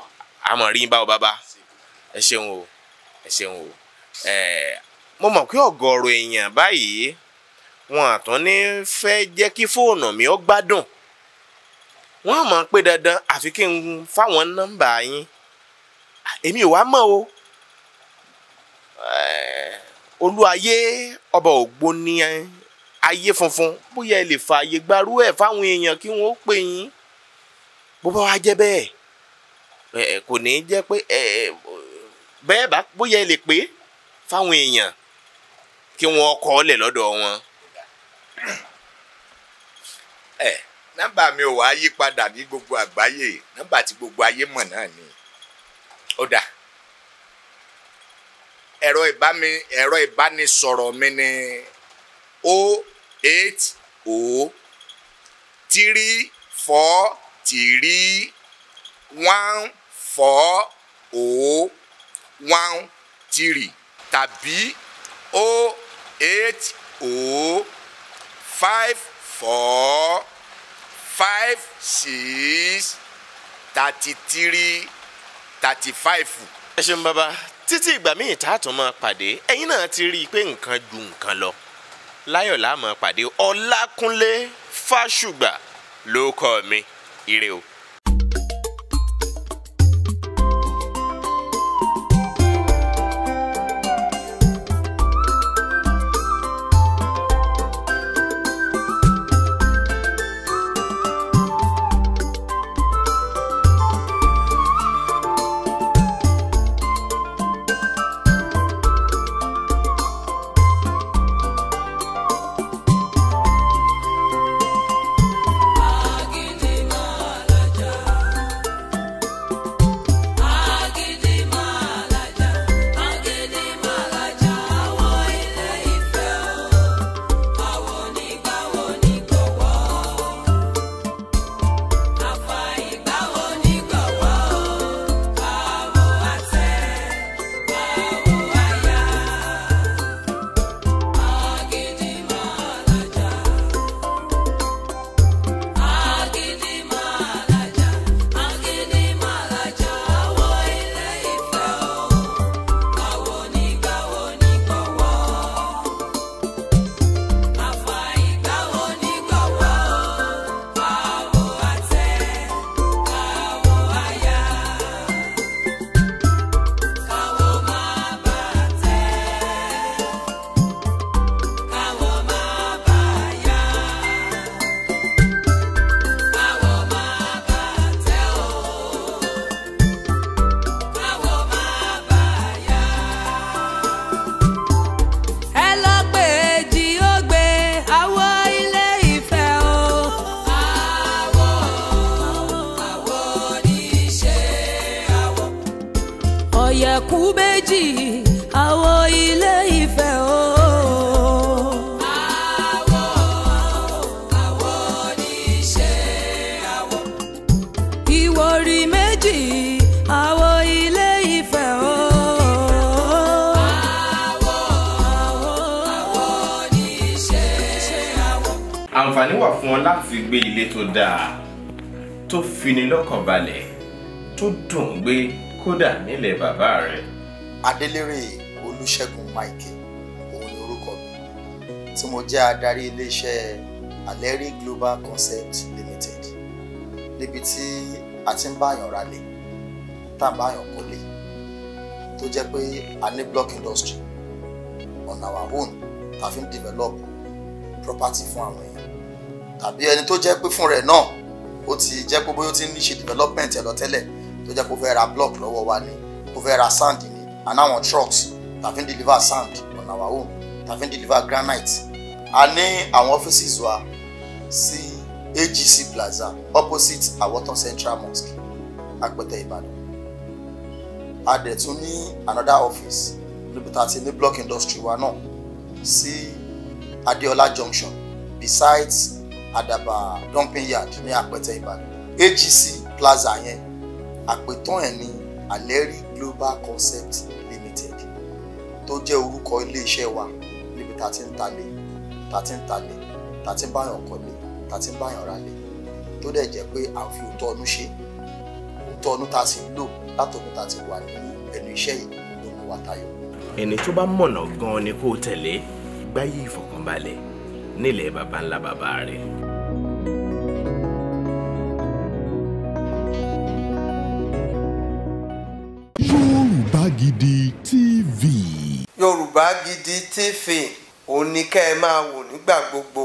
àmọ̀ rí báwo bàbá ẹ ṣeun o ẹ ṣeun o eh, mo mọ̀ pé ọ̀gọ̀ọ̀rọ̀ èèyàn báyìí wọn àtún ní fẹ́ jẹ́ kí fóònù mi ó gbádùn wọn mọ̀ pé dandan àfi kí n fáwọn nọ́mbà yín èmi ò wá mọ̀ o olúwayé ọba ògbóni ayé funfun bóyá ẹ lè fa àyè gbarú ẹ fáwọn èèyàn kí wọn ó pè yín bó bá wá jẹ́ bẹ́ẹ̀ kò ní í jẹ́ pé bẹ́ẹ̀ bá bóyá ẹ lè pè fáwọn èèyàn kí wọn kọ ọ lẹ lọ́dọ̀ wọn ẹ nọ́mbà mi ò wá yí padà ní gbogbo àgbáyé nọ́mbà tí gbogbo ayé mọ̀ náà ni ó dà ẹ̀rọ ìbámi ẹ̀rọ ìbánisọ̀rọ̀ mi ni o oh eight o oh three four three one four o one three tàbí o oh eight o five four five six thirty three thirty five. ẹ ṣeun bàbá títí ìgbà míì tá a tún máa pàdé ẹ̀yin náà ti rí i pé nǹkan ju nǹkan lọ láyọ̀ la máa pàdé ọlákúnlé fásùgbà ló kọ́ mi ire o. orí méjì àwo ilé Ifẹ̀ o. àǹfààní wà fún ọ láti gbé ilé tó dáa tó fini lọ́kàn balẹ̀ tó dùn gbé kódà nílẹ̀ bàbá rẹ̀. Adélérè Olúṣẹ́gun Mike òun ni orúkọ mi tí mo jẹ́ adarí iléeṣẹ́ Aleri Global Concept Limited níbi tí a ti ń báyàn ralẹ̀ tá à ń báyàn kọ́lé tó jẹ́ pé a ní block industry on our own ta fi ń develop property fún àwọn èèyàn tàbí ẹni tó jẹ́ pé fún rẹ̀ náà ó ti jẹ́ pé bóyá ó ti ń ṣe development ẹ̀ lọ tẹ́lẹ̀ tó jẹ́ pé ó fẹ́ ra block lọ́wọ́ wa ni ó fẹ́ ra sand ni and àwọn trucks ta fi ń deliver sand on our own ta fi ń deliver granite a ní àwọn offices wa sí AGC Plaza opposite Awotan Central Mosque Apẹtẹ Ìbàdàn a dẹ̀ tún ní another office níbi tá ní block industry wa náà sí Adeola Junction besides Adaba dumping yard ní Apẹtẹ Ìbàdàn AGC Plaza yẹn àpètàn ẹ̀ ní Aleri Global Concept Limited tó jẹ́ orúkọ iléeṣẹ́ wa níbi tá a ti ń talé tá a ti ń talé tá ń báyọ̀ kọ́lé ta ti ń báyàn ra lè tó dẹ̀ jẹ́ pé à ń fi òótọ́ ọdún ṣe òótọ́ ọdún ta sì lò látọ̀dún ta ti wà ní ẹnu iṣẹ́ yìí ló mú wa tayọ. ẹni tó bá mọ̀nà gan-an ni kó tẹ̀lé gbáyé ìfọ̀kànbalẹ̀ nílẹ̀ baba ńlá baba rẹ̀. Yorùbá Gidi TV. Yorùbá Gidi TV òun ni kẹ́ ẹ máa wò nígbà gbogbo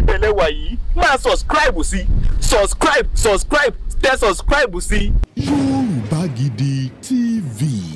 ibẹ̀ lẹ́wà yìí máa subscribe sí subscribe subscribe tẹ subscribe sí. Yorùbá Gidi TV.